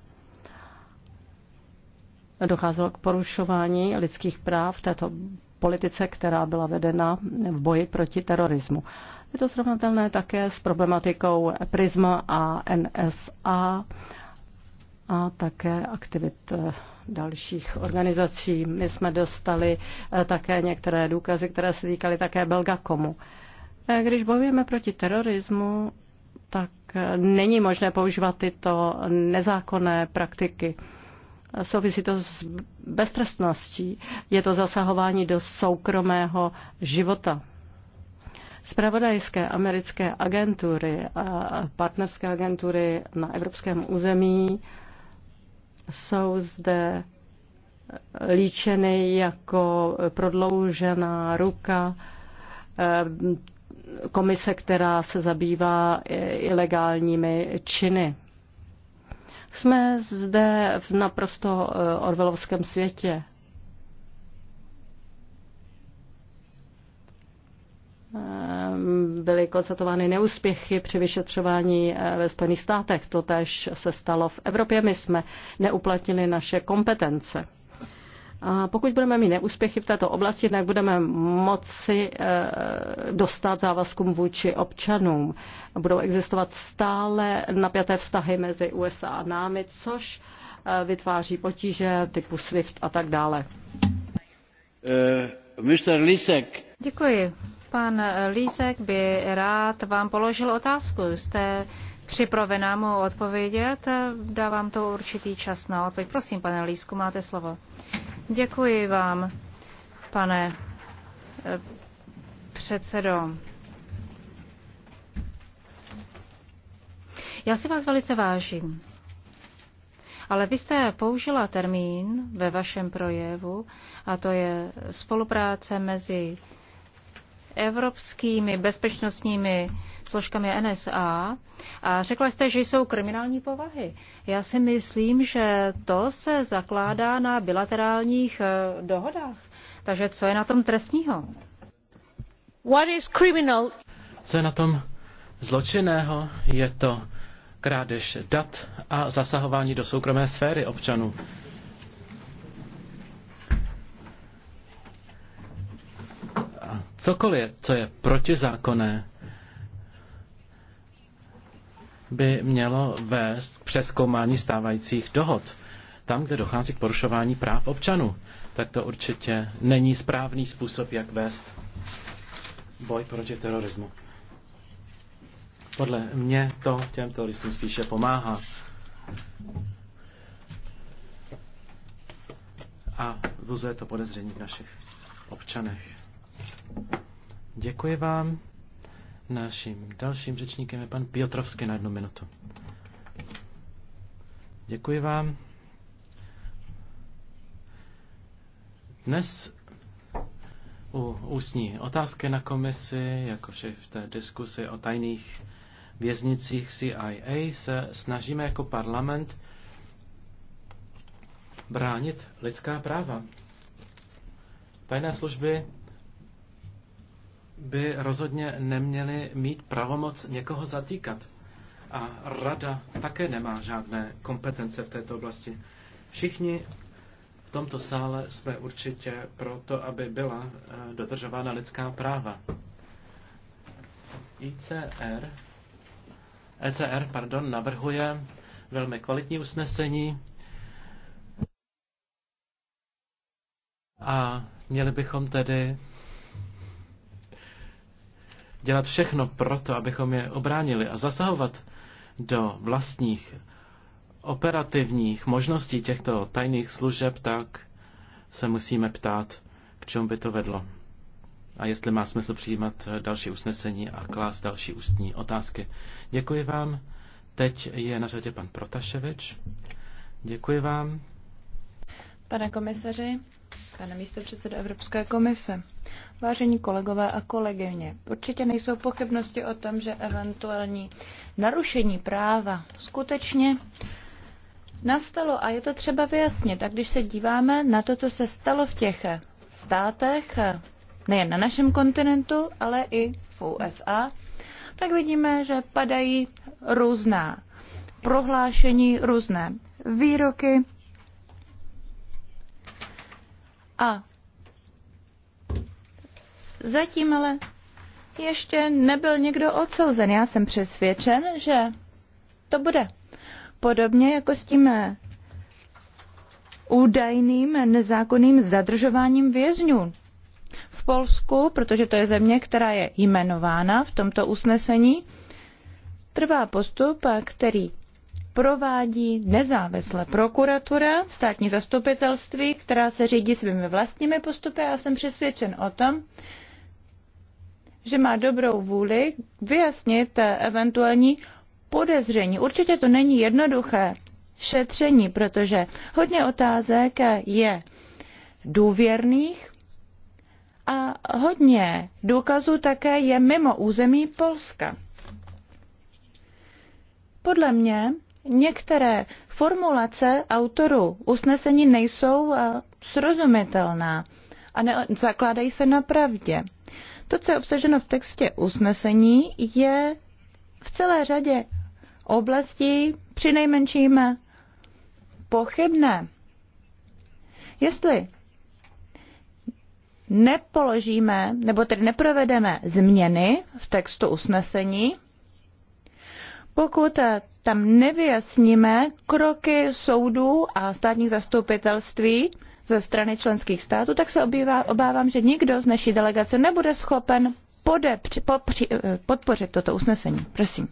Docházelo k porušování lidských práv v této politice, která byla vedena v boji proti terorismu. Je to srovnatelné také s problematikou Prisma a NSA a také aktivit eh, dalších organizací. My jsme dostali eh, také některé důkazy, které se týkaly také Belgakomu. Eh, když bojujeme proti terorismu, tak není možné používat tyto nezákonné praktiky. Souvisí to s beztrestností. Je to zasahování do soukromého života. Spravodajské americké agentury a partnerské agentury na evropském území jsou zde líčeny jako prodloužená ruka eh, komise, která se zabývá ilegálními činy. Jsme zde v naprosto eh, orvelovském světě. Ehm, byly konstatovány neúspěchy při vyšetřování eh, ve Spojených státech. To tež se stalo v Evropě. My jsme neuplatnili naše kompetence. A pokud budeme mít neúspěchy v této oblasti, tak budeme moci eh, dostat závazkům vůči občanům. Budou existovat stále napjaté vztahy mezi USA a námi, což eh, vytváří potíže typu SWIFT a tak dále. Uh, Mr. Lisek. Děkuji. Pan Lízek by rád vám položil otázku. Jste připravená mu odpovědět? Dávám to určitý čas na odpověď. Prosím, pane Lísku, máte slovo. Děkuji vám, pane eh, předsedo. Já si vás velice vážím, ale vy jste použila termín ve vašem projevu a to je spolupráce mezi evropskými bezpečnostními složkami NSA a řekla jste, že jsou kriminální povahy. Já si myslím, že to se zakládá na bilaterálních eh, dohodách. Takže co je na tom trestního? What is criminal? Co je na tom zločinného? Je to krádež dat a zasahování do soukromé sféry občanů. Cokoliv, co je protizákonné, by mělo vést k přeskoumání stávajících dohod. Tam, kde dochází k porušování práv občanů, tak to určitě není správný způsob, jak vést boj proti terorismu. Podle mě to těm teroristům spíše pomáhá. A vzbuzuje to podezření v našich občanech. Děkuji vám. Naším dalším řečníkem je pan Piotrovský na jednu minutu. Děkuji vám. Dnes u ústní otázky na komisi, jako vše v té diskusi o tajných věznicích CIA, se snažíme jako parlament bránit lidská práva. Tajné služby by rozhodně neměli mít pravomoc někoho zatýkat. A rada také nemá žádné kompetence v této oblasti. Všichni v tomto sále jsme určitě pro to, aby byla eh, dodržována lidská práva. ICR, ECR pardon, navrhuje velmi kvalitní usnesení a měli bychom tedy dělat všechno proto, abychom je obránili a zasahovat do vlastních operativních možností těchto tajných služeb, tak se musíme ptát, k čemu by to vedlo. A jestli má smysl přijímat další usnesení a klás další ústní otázky. Děkuji vám. Teď je na řadě pan Protaševič. Děkuji vám. Pane komisaři, pane místopředsedo Evropské komise. Vážení kolegové a kolegyně, určitě nejsou pochybnosti o tom, že eventuální narušení práva skutečně nastalo a je to třeba vyjasnit. A když se díváme na to, co se stalo v těch státech, nejen na našem kontinentu, ale i v USA, tak vidíme, že padají různá prohlášení, různé výroky. A Zatím ale ještě nebyl nikdo odsouzen. Já jsem přesvědčen, že to bude. Podobně jako s tím údajným nezákonným zadržováním vězňů v Polsku, protože to je země, která je jmenována v tomto usnesení, trvá postup, který provádí nezávisle prokuratura, státní zastupitelství, která se řídí svými vlastními postupy a jsem přesvědčen o tom, že má dobrou vůli vyjasnit eventuální podezření. Určitě to není jednoduché šetření, protože hodně otázek je důvěrných a hodně důkazů také je mimo území Polska. Podle mě některé formulace autorů usnesení nejsou eh, srozumitelná a ne- zakládají se na pravdě. To, co je obsaženo v textě usnesení, je v celé řadě oblastí přinejmenším pochybné. Jestli nepoložíme, nebo tedy neprovedeme změny v textu usnesení, pokud tam nevyjasníme kroky soudů a státních zastupitelství, ze strany členských států, tak se obývá, obávám, že nikdo z naší delegace nebude schopen podepř, eh, podpořit toto usnesení. Prosím.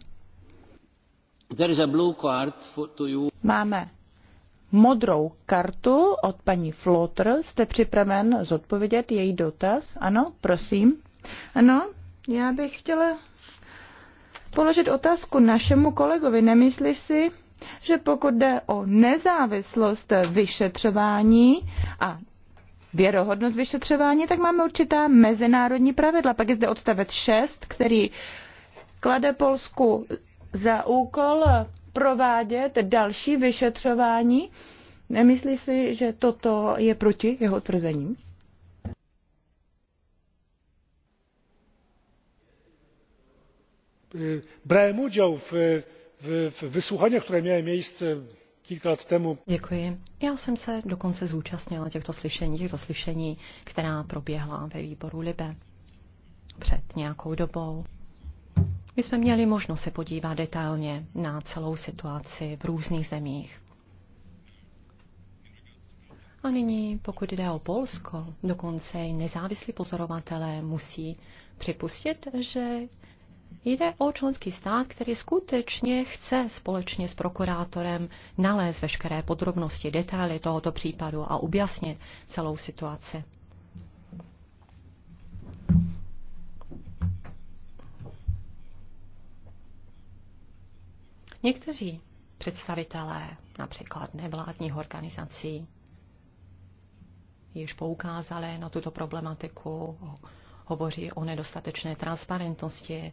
Máme modrou kartu od paní Flotter. Jste připraven zodpovědět její dotaz? Ano, prosím. Ano, já bych chtěla položit otázku našemu kolegovi. Nemyslí si, že pokud jde o nezávislost vyšetřování a věrohodnost vyšetřování, tak máme určitá mezinárodní pravidla. Pak je zde odstavec 6, který klade Polsku za úkol provádět další vyšetřování. Nemyslí si, že toto je proti jeho tvrzením? Brałem udział w v wysłuchaniach, které měly miejsce kilka let temu. Děkuji. Já jsem se dokonce zúčastnila těchto slyšení, těchto slyšení, která proběhla ve výboru Libe před nějakou dobou. My jsme měli možnost se podívat detailně na celou situaci v různých zemích. A nyní, pokud jde o Polsko, dokonce i nezávislí pozorovatelé musí připustit, že Jde o členský stát, který skutečně chce společně s prokurátorem nalézt veškeré podrobnosti, detaily tohoto případu a objasnit celou situaci. Někteří představitelé například nevládních organizací již poukázali na tuto problematiku, hovoří o nedostatečné transparentnosti,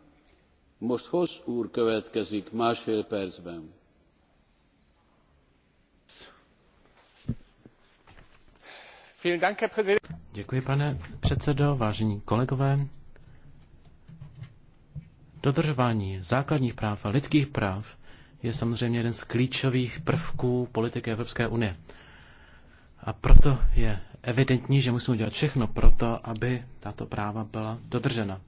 Děkuji, pane předsedající vážení kolegové. Dodržování základních práv a lidských práv je samozřejmě jeden z klíčových prvků politiky Evropské unie. A proto je evidentní, že musíme udělat všechno pro to, aby tato práva byla dodržena.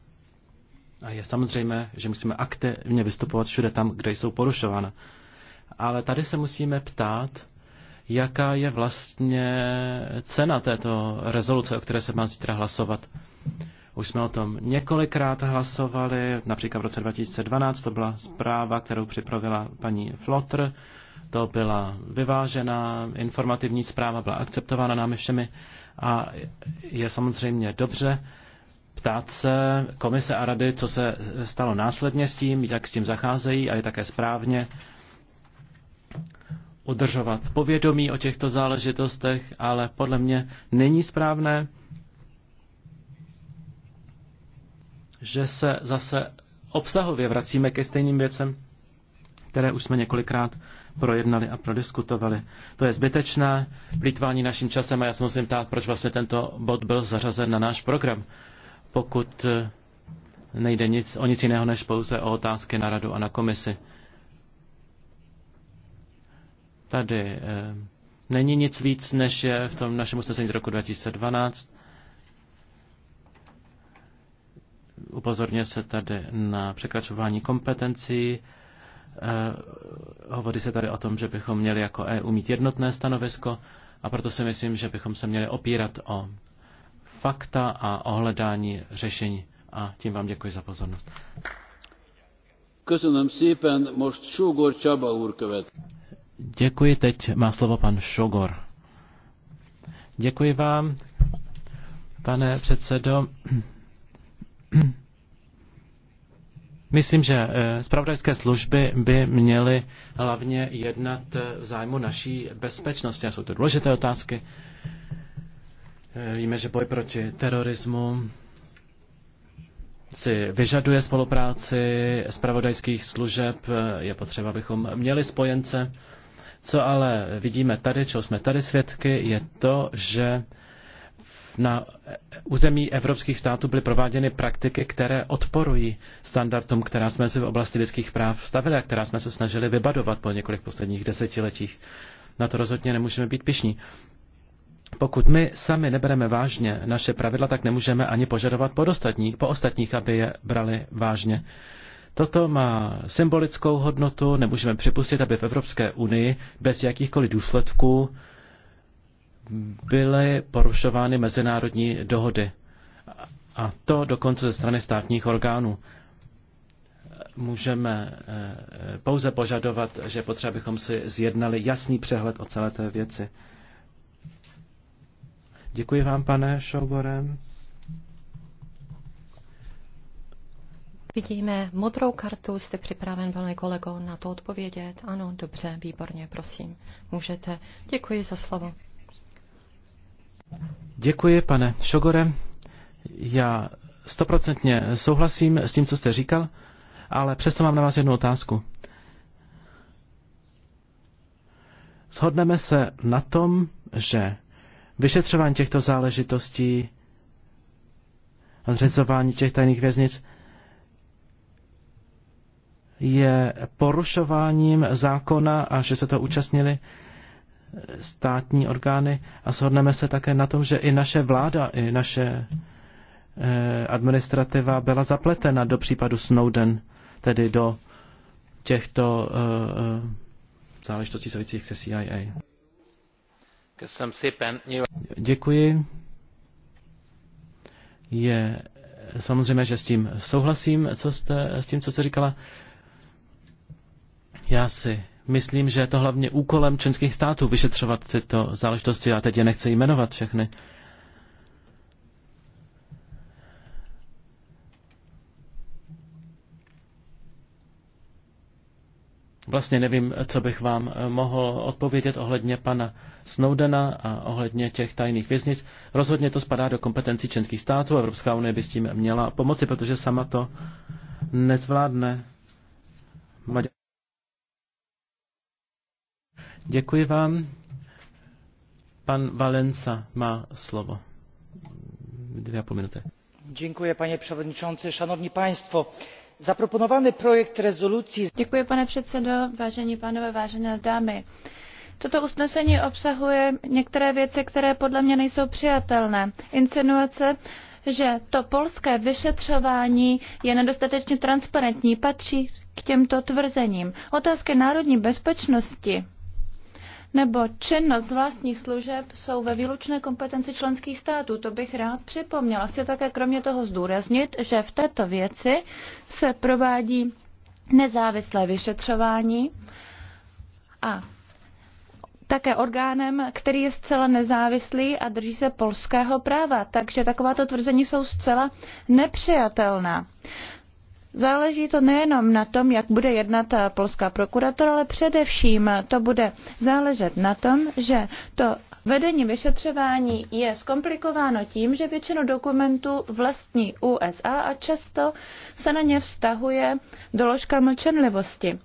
A je samozřejmé, že musíme aktivně vystupovat všude tam, kde jsou porušována. Ale tady se musíme ptát, jaká je vlastně cena této rezoluce, o které se má zítra hlasovat. Už jsme o tom několikrát hlasovali, například v roce 2012 to byla zpráva, kterou připravila paní Flotr. To byla vyvážená informativní zpráva, byla akceptována námi všemi a je samozřejmě dobře, ptát se komise a rady, co se stalo následně s tím, jak s tím zacházejí a je také správně udržovat povědomí o těchto záležitostech, ale podle mě není správné, že se zase obsahově vracíme ke stejným věcem, které už jsme několikrát projednali a prodiskutovali. To je zbytečné plítvání naším časem a já se musím ptát, proč vlastně tento bod byl zařazen na náš program pokud eh, nejde nic, o nic jiného než pouze o otázky na radu a na komisi. Tady eh, není nic víc, než je v tom našem usnesení z roku 2012. Upozorně se tady na překračování kompetencí. Eh, hovoří se tady o tom, že bychom měli jako EU mít jednotné stanovisko a proto si myslím, že bychom se měli opírat o fakta a ohledání řešení. A tím vám děkuji za pozornost. Děkuji, teď má slovo pan Šogor. Děkuji vám, pane předsedo. Myslím, že eh, zpravodajské služby by měly hlavně jednat eh, v zájmu naší bezpečnosti. A jsou to důležité otázky. Eh, víme, že boj proti terorismu si vyžaduje spolupráci spravodajských služeb, eh, je potřeba, abychom měli spojence. Co ale vidíme tady, čeho jsme tady svědky, je to, že na území evropských států byly prováděny praktiky, které odporují standardům, která jsme si v oblasti lidských práv stavili a která jsme se snažili vybadovat po několik posledních desetiletích. Na to rozhodně nemůžeme být pišní. Pokud my sami nebereme vážně naše pravidla, tak nemůžeme ani požadovat po ostatních, po ostatních aby je brali vážně. Toto má symbolickou hodnotu, nemůžeme připustit, aby v Evropské unii bez jakýchkoliv důsledků byly porušovány mezinárodní dohody. A to dokonce ze strany státních orgánů. Můžeme eh, pouze požadovat, že potřeba bychom si zjednali jasný přehled o celé té věci. Děkuji vám, pane Šogore. Vidíme modrou kartu. Jste připraven, pane kolego, na to odpovědět? Ano, dobře, výborně, prosím. Můžete. Děkuji za slovo. Děkuji, pane Šogore. Já stoprocentně souhlasím s tím, co jste říkal, ale přesto mám na vás jednu otázku. Shodneme se na tom, že vyšetřování těchto záležitostí a zřizování těch tajných věznic je porušováním zákona a že se to účastnili státní orgány a shodneme se také na tom, že i naše vláda, i naše eh, administrativa byla zapletena do případu Snowden, tedy do těchto eh, eh, záležitostí souvisejících se CIA. Děkuji. Je samozřejmě, že s tím souhlasím, co jste, s tím, co jste říkala. Já si myslím, že je to hlavně úkolem členských států vyšetřovat tyto záležitosti. Já teď je nechci jmenovat všechny. Uh, vlastně nevím, co bych vám eh, mohl odpovědět ohledně pana Snowdena a ohledně těch tajných věznic. Rozhodně to spadá do kompetencí členských států. Evropská unie by s tím měla pomoci, protože sama to nezvládne. Maďar... Děkuji vám. Pan Valenca má slovo. Dvě a půl minuty. Dziękuję panie przewodniczący, szanowni państwo zaproponowany projekt rezolucji. pane předsedo, vážení pánové, vážené dámy. Toto usnesení obsahuje některé věci, které podle mě nejsou přijatelné. Insinuace, že to polské vyšetřování je nedostatečně transparentní, patří k těmto tvrzením. Otázky národní bezpečnosti nebo činnost vlastních služeb jsou ve výlučné kompetenci členských států. To bych rád připomněla. Chci také kromě toho zdůraznit, že v této věci se provádí nezávislé vyšetřování a také orgánem, který je zcela nezávislý a drží se polského práva. Takže takováto tvrzení jsou zcela nepřijatelná. Záleží to nejenom na tom, jak bude jednat eh, polská prokuratura, ale především to bude záležet na tom, že to vedení vyšetřování je zkomplikováno tím, že většinu dokumentů vlastní USA a často se na ně vztahuje doložka mlčenlivosti.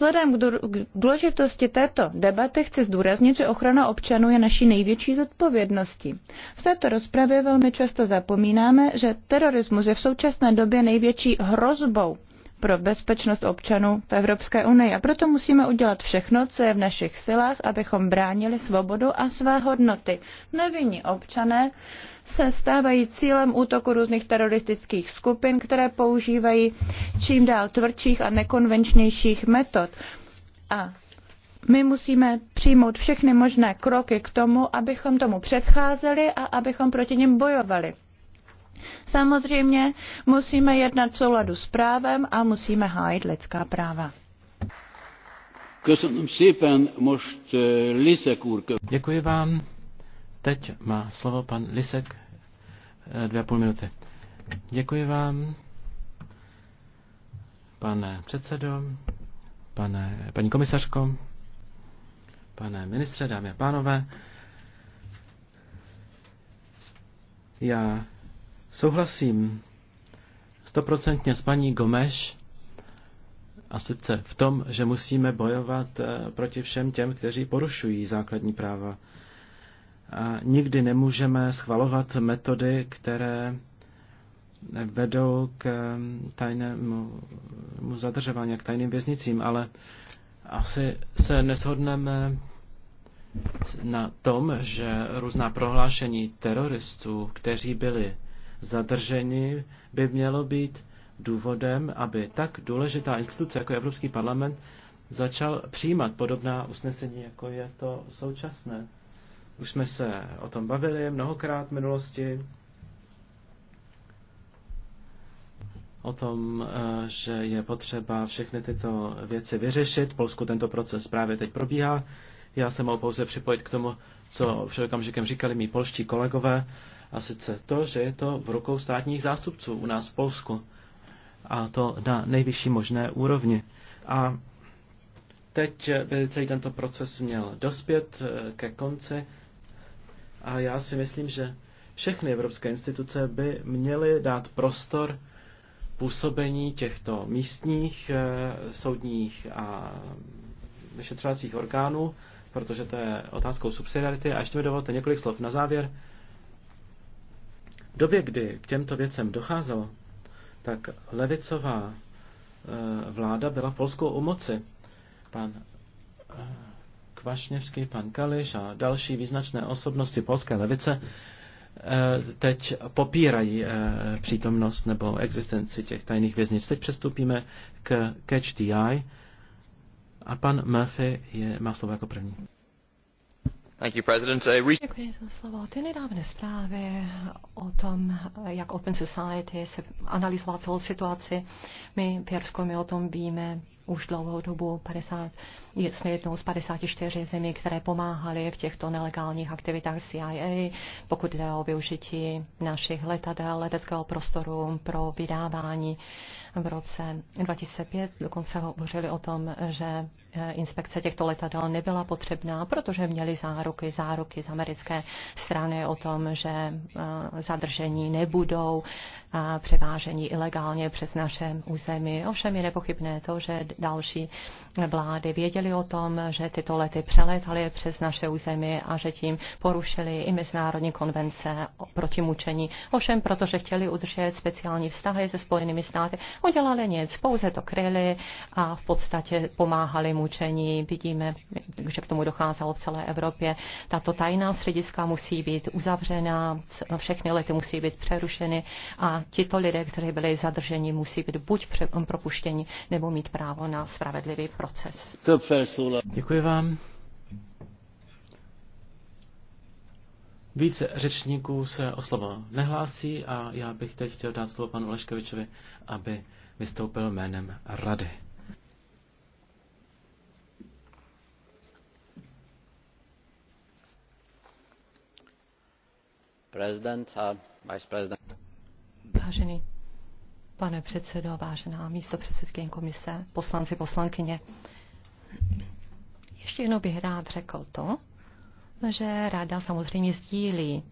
Vzhledem k důležitosti této debaty chci zdůraznit, že ochrana občanů je naší největší zodpovědností. V této rozpravě velmi často zapomínáme, že terorismus je v současné době největší hrozbou pro bezpečnost občanů v Evropské unii. A proto musíme udělat všechno, co je v našich silách, abychom bránili svobodu a své hodnoty. Nevinní občané se stávají cílem útoku různých teroristických skupin, které používají čím dál tvrdších a nekonvenčnějších metod. A my musíme přijmout všechny možné kroky k tomu, abychom tomu předcházeli a abychom proti nim bojovali Samozřejmě musíme jednat v souladu s právem a musíme hájit lidská práva. Eh, Děkuji vám. Teď má slovo pan Lisek. Eh, dvě a půl minuty. Děkuji vám, pane předsedo, pane, paní komisařko, pane ministře, dámy a pánové. Já Souhlasím stoprocentně s paní Gomeš a sice v tom, že musíme bojovat eh, proti všem těm, kteří porušují základní práva. A nikdy nemůžeme schvalovat metody, které vedou k eh, tajnému zadržování, k tajným věznicím, ale asi se neshodneme na tom, že různá prohlášení teroristů, kteří byli Zadržení by mělo být důvodem, aby tak důležitá instituce jako Evropský parlament začal přijímat podobná usnesení, jako je to současné. Už jsme se o tom bavili mnohokrát v minulosti, o tom, eh, že je potřeba všechny tyto věci vyřešit. V Polsku tento proces právě teď probíhá. Já se mohu pouze připojit k tomu, co před okamžikem říkali mý polští kolegové. A sice to, že je to v rukou státních zástupců u nás v Polsku. A to na nejvyšší možné úrovni. A teď by celý tento proces měl dospět eh, ke konci. A já si myslím, že všechny evropské instituce by měly dát prostor působení těchto místních eh, soudních a vyšetřovacích orgánů, protože to je otázkou subsidiarity. A ještě mi dovolte několik slov na závěr době, kdy k těmto věcem docházelo, tak levicová eh, vláda byla polskou u moci. Pan eh, Kvašněvský, pan Kališ a další význačné osobnosti polské levice eh, teď popírají přítomnost nebo existenci těch tajných věznic. Teď přestupíme k Catch the Eye a pan Murphy je, má slovo jako první. Děkuji za slovo. Ty nedávné zprávy o tom, jak Open Society se analyzoval celou situaci, my v Jersku, my o tom víme už dlouhou dobu 50, jsme jednou z 54 zemí, které pomáhaly v těchto nelegálních aktivitách CIA, pokud jde o využití našich letadel, leteckého prostoru pro vydávání v roce 2005. Dokonce hovořili o tom, že eh, inspekce těchto letadel nebyla potřebná, protože měli záruky, záruky z americké strany o tom, že eh, zadržení nebudou a převážení ilegálně přes naše území. Ovšem je nepochybné to, že další vlády věděly o tom, že tyto lety přelétaly přes naše území a že tím porušili i mezinárodní konvence proti mučení. Ovšem, protože chtěli udržet speciální vztahy se Spojenými státy, udělali nic, pouze to kryli a v podstatě pomáhali mučení. Vidíme, že k tomu docházelo v celé Evropě. Tato tajná střediska musí být uzavřena, všechny lety musí být přerušeny a tito lidé, kteří byli zadrženi, musí být buď propuštěni nebo mít právo na spravedlivý proces. Děkuji vám. Více řečníků se o slovo nehlásí a já bych teď chtěl dát slovo panu Leškovičovi, aby vystoupil jménem Rady. President, a vice prezident. Vážený pane předsedo, vážená místo předsedkyně komise, poslanci, poslankyně. Ještě jednou bych rád řekl to, že rada samozřejmě sdílí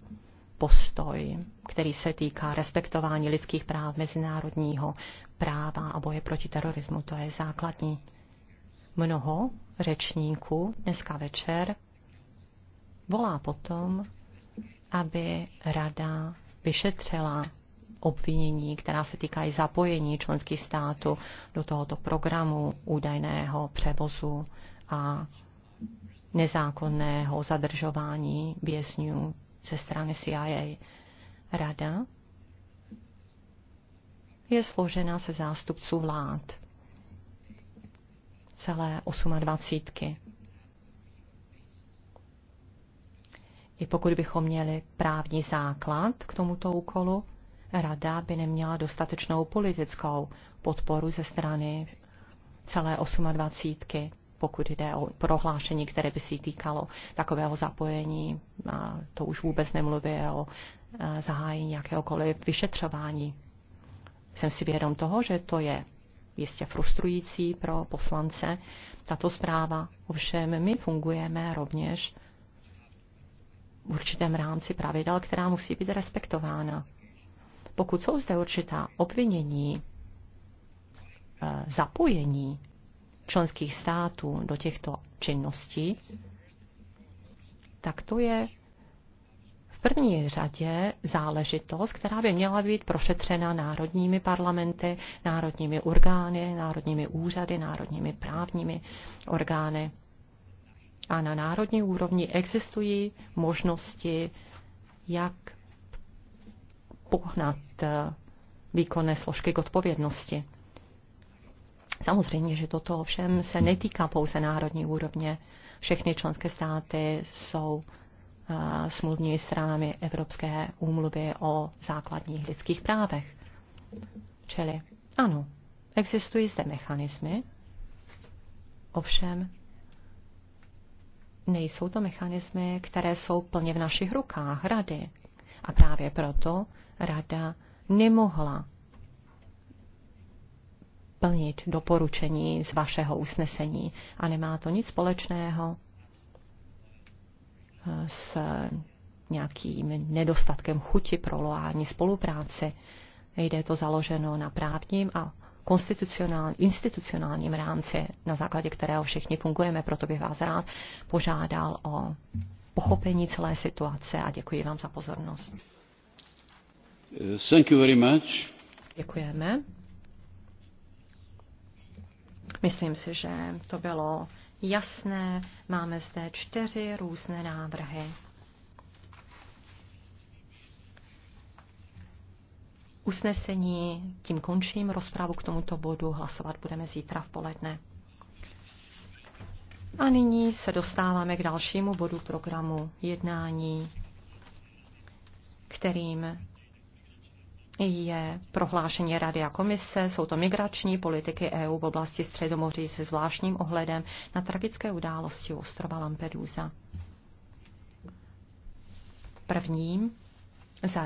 postoj, který se týká respektování lidských práv, mezinárodního práva a boje proti terorismu. To je základní. Mnoho řečníků dneska večer volá potom, aby rada vyšetřila obvinění, která se týkají zapojení členských států do tohoto programu údajného převozu a nezákonného zadržování vězňů ze strany CIA. Rada je složena se zástupců vlád celé 28. I pokud bychom měli právní základ k tomuto úkolu, rada by neměla dostatečnou politickou podporu ze strany celé 28, pokud jde o prohlášení, které by si týkalo takového zapojení. A to už vůbec nemluví o eh, zahájení jakéhokoliv vyšetřování. Jsem si vědom toho, že to je jistě frustrující pro poslance, tato zpráva. Ovšem my fungujeme rovněž v určitém rámci pravidel, která musí být respektována pokud jsou zde určitá obvinění, e, zapojení členských států do těchto činností, tak to je v první řadě záležitost, která by měla být prošetřena národními parlamenty, národními orgány, národními úřady, národními právními orgány. A na národní úrovni existují možnosti, jak pohnat eh, výkonné složky k odpovědnosti. Samozřejmě, že toto ovšem se netýká pouze národní úrovně. Všechny členské státy jsou eh, smluvní stranami Evropské úmluvy o základních lidských právech. Čili ano, existují zde mechanismy, ovšem nejsou to mechanismy, které jsou plně v našich rukách, rady. A právě proto rada nemohla plnit doporučení z vašeho usnesení a nemá to nic společného eh, s nějakým nedostatkem chuti pro loání spolupráce. Jde to založeno na právním a konstitucionál, institucionálním rámci, na základě kterého všichni fungujeme. Proto bych vás rád požádal o pochopení celé situace a děkuji vám za pozornost. Děkujeme. Myslím si, že to bylo jasné. Máme zde čtyři různé návrhy. Usnesení, tím končím rozpravu k tomuto bodu, hlasovat budeme zítra v poledne. A nyní se dostáváme k dalšímu bodu programu jednání, kterým je prohlášení Rady a komise, jsou to migrační politiky EU v oblasti Středomoří se zvláštním ohledem na tragické události ostrova Lampedusa. Prvním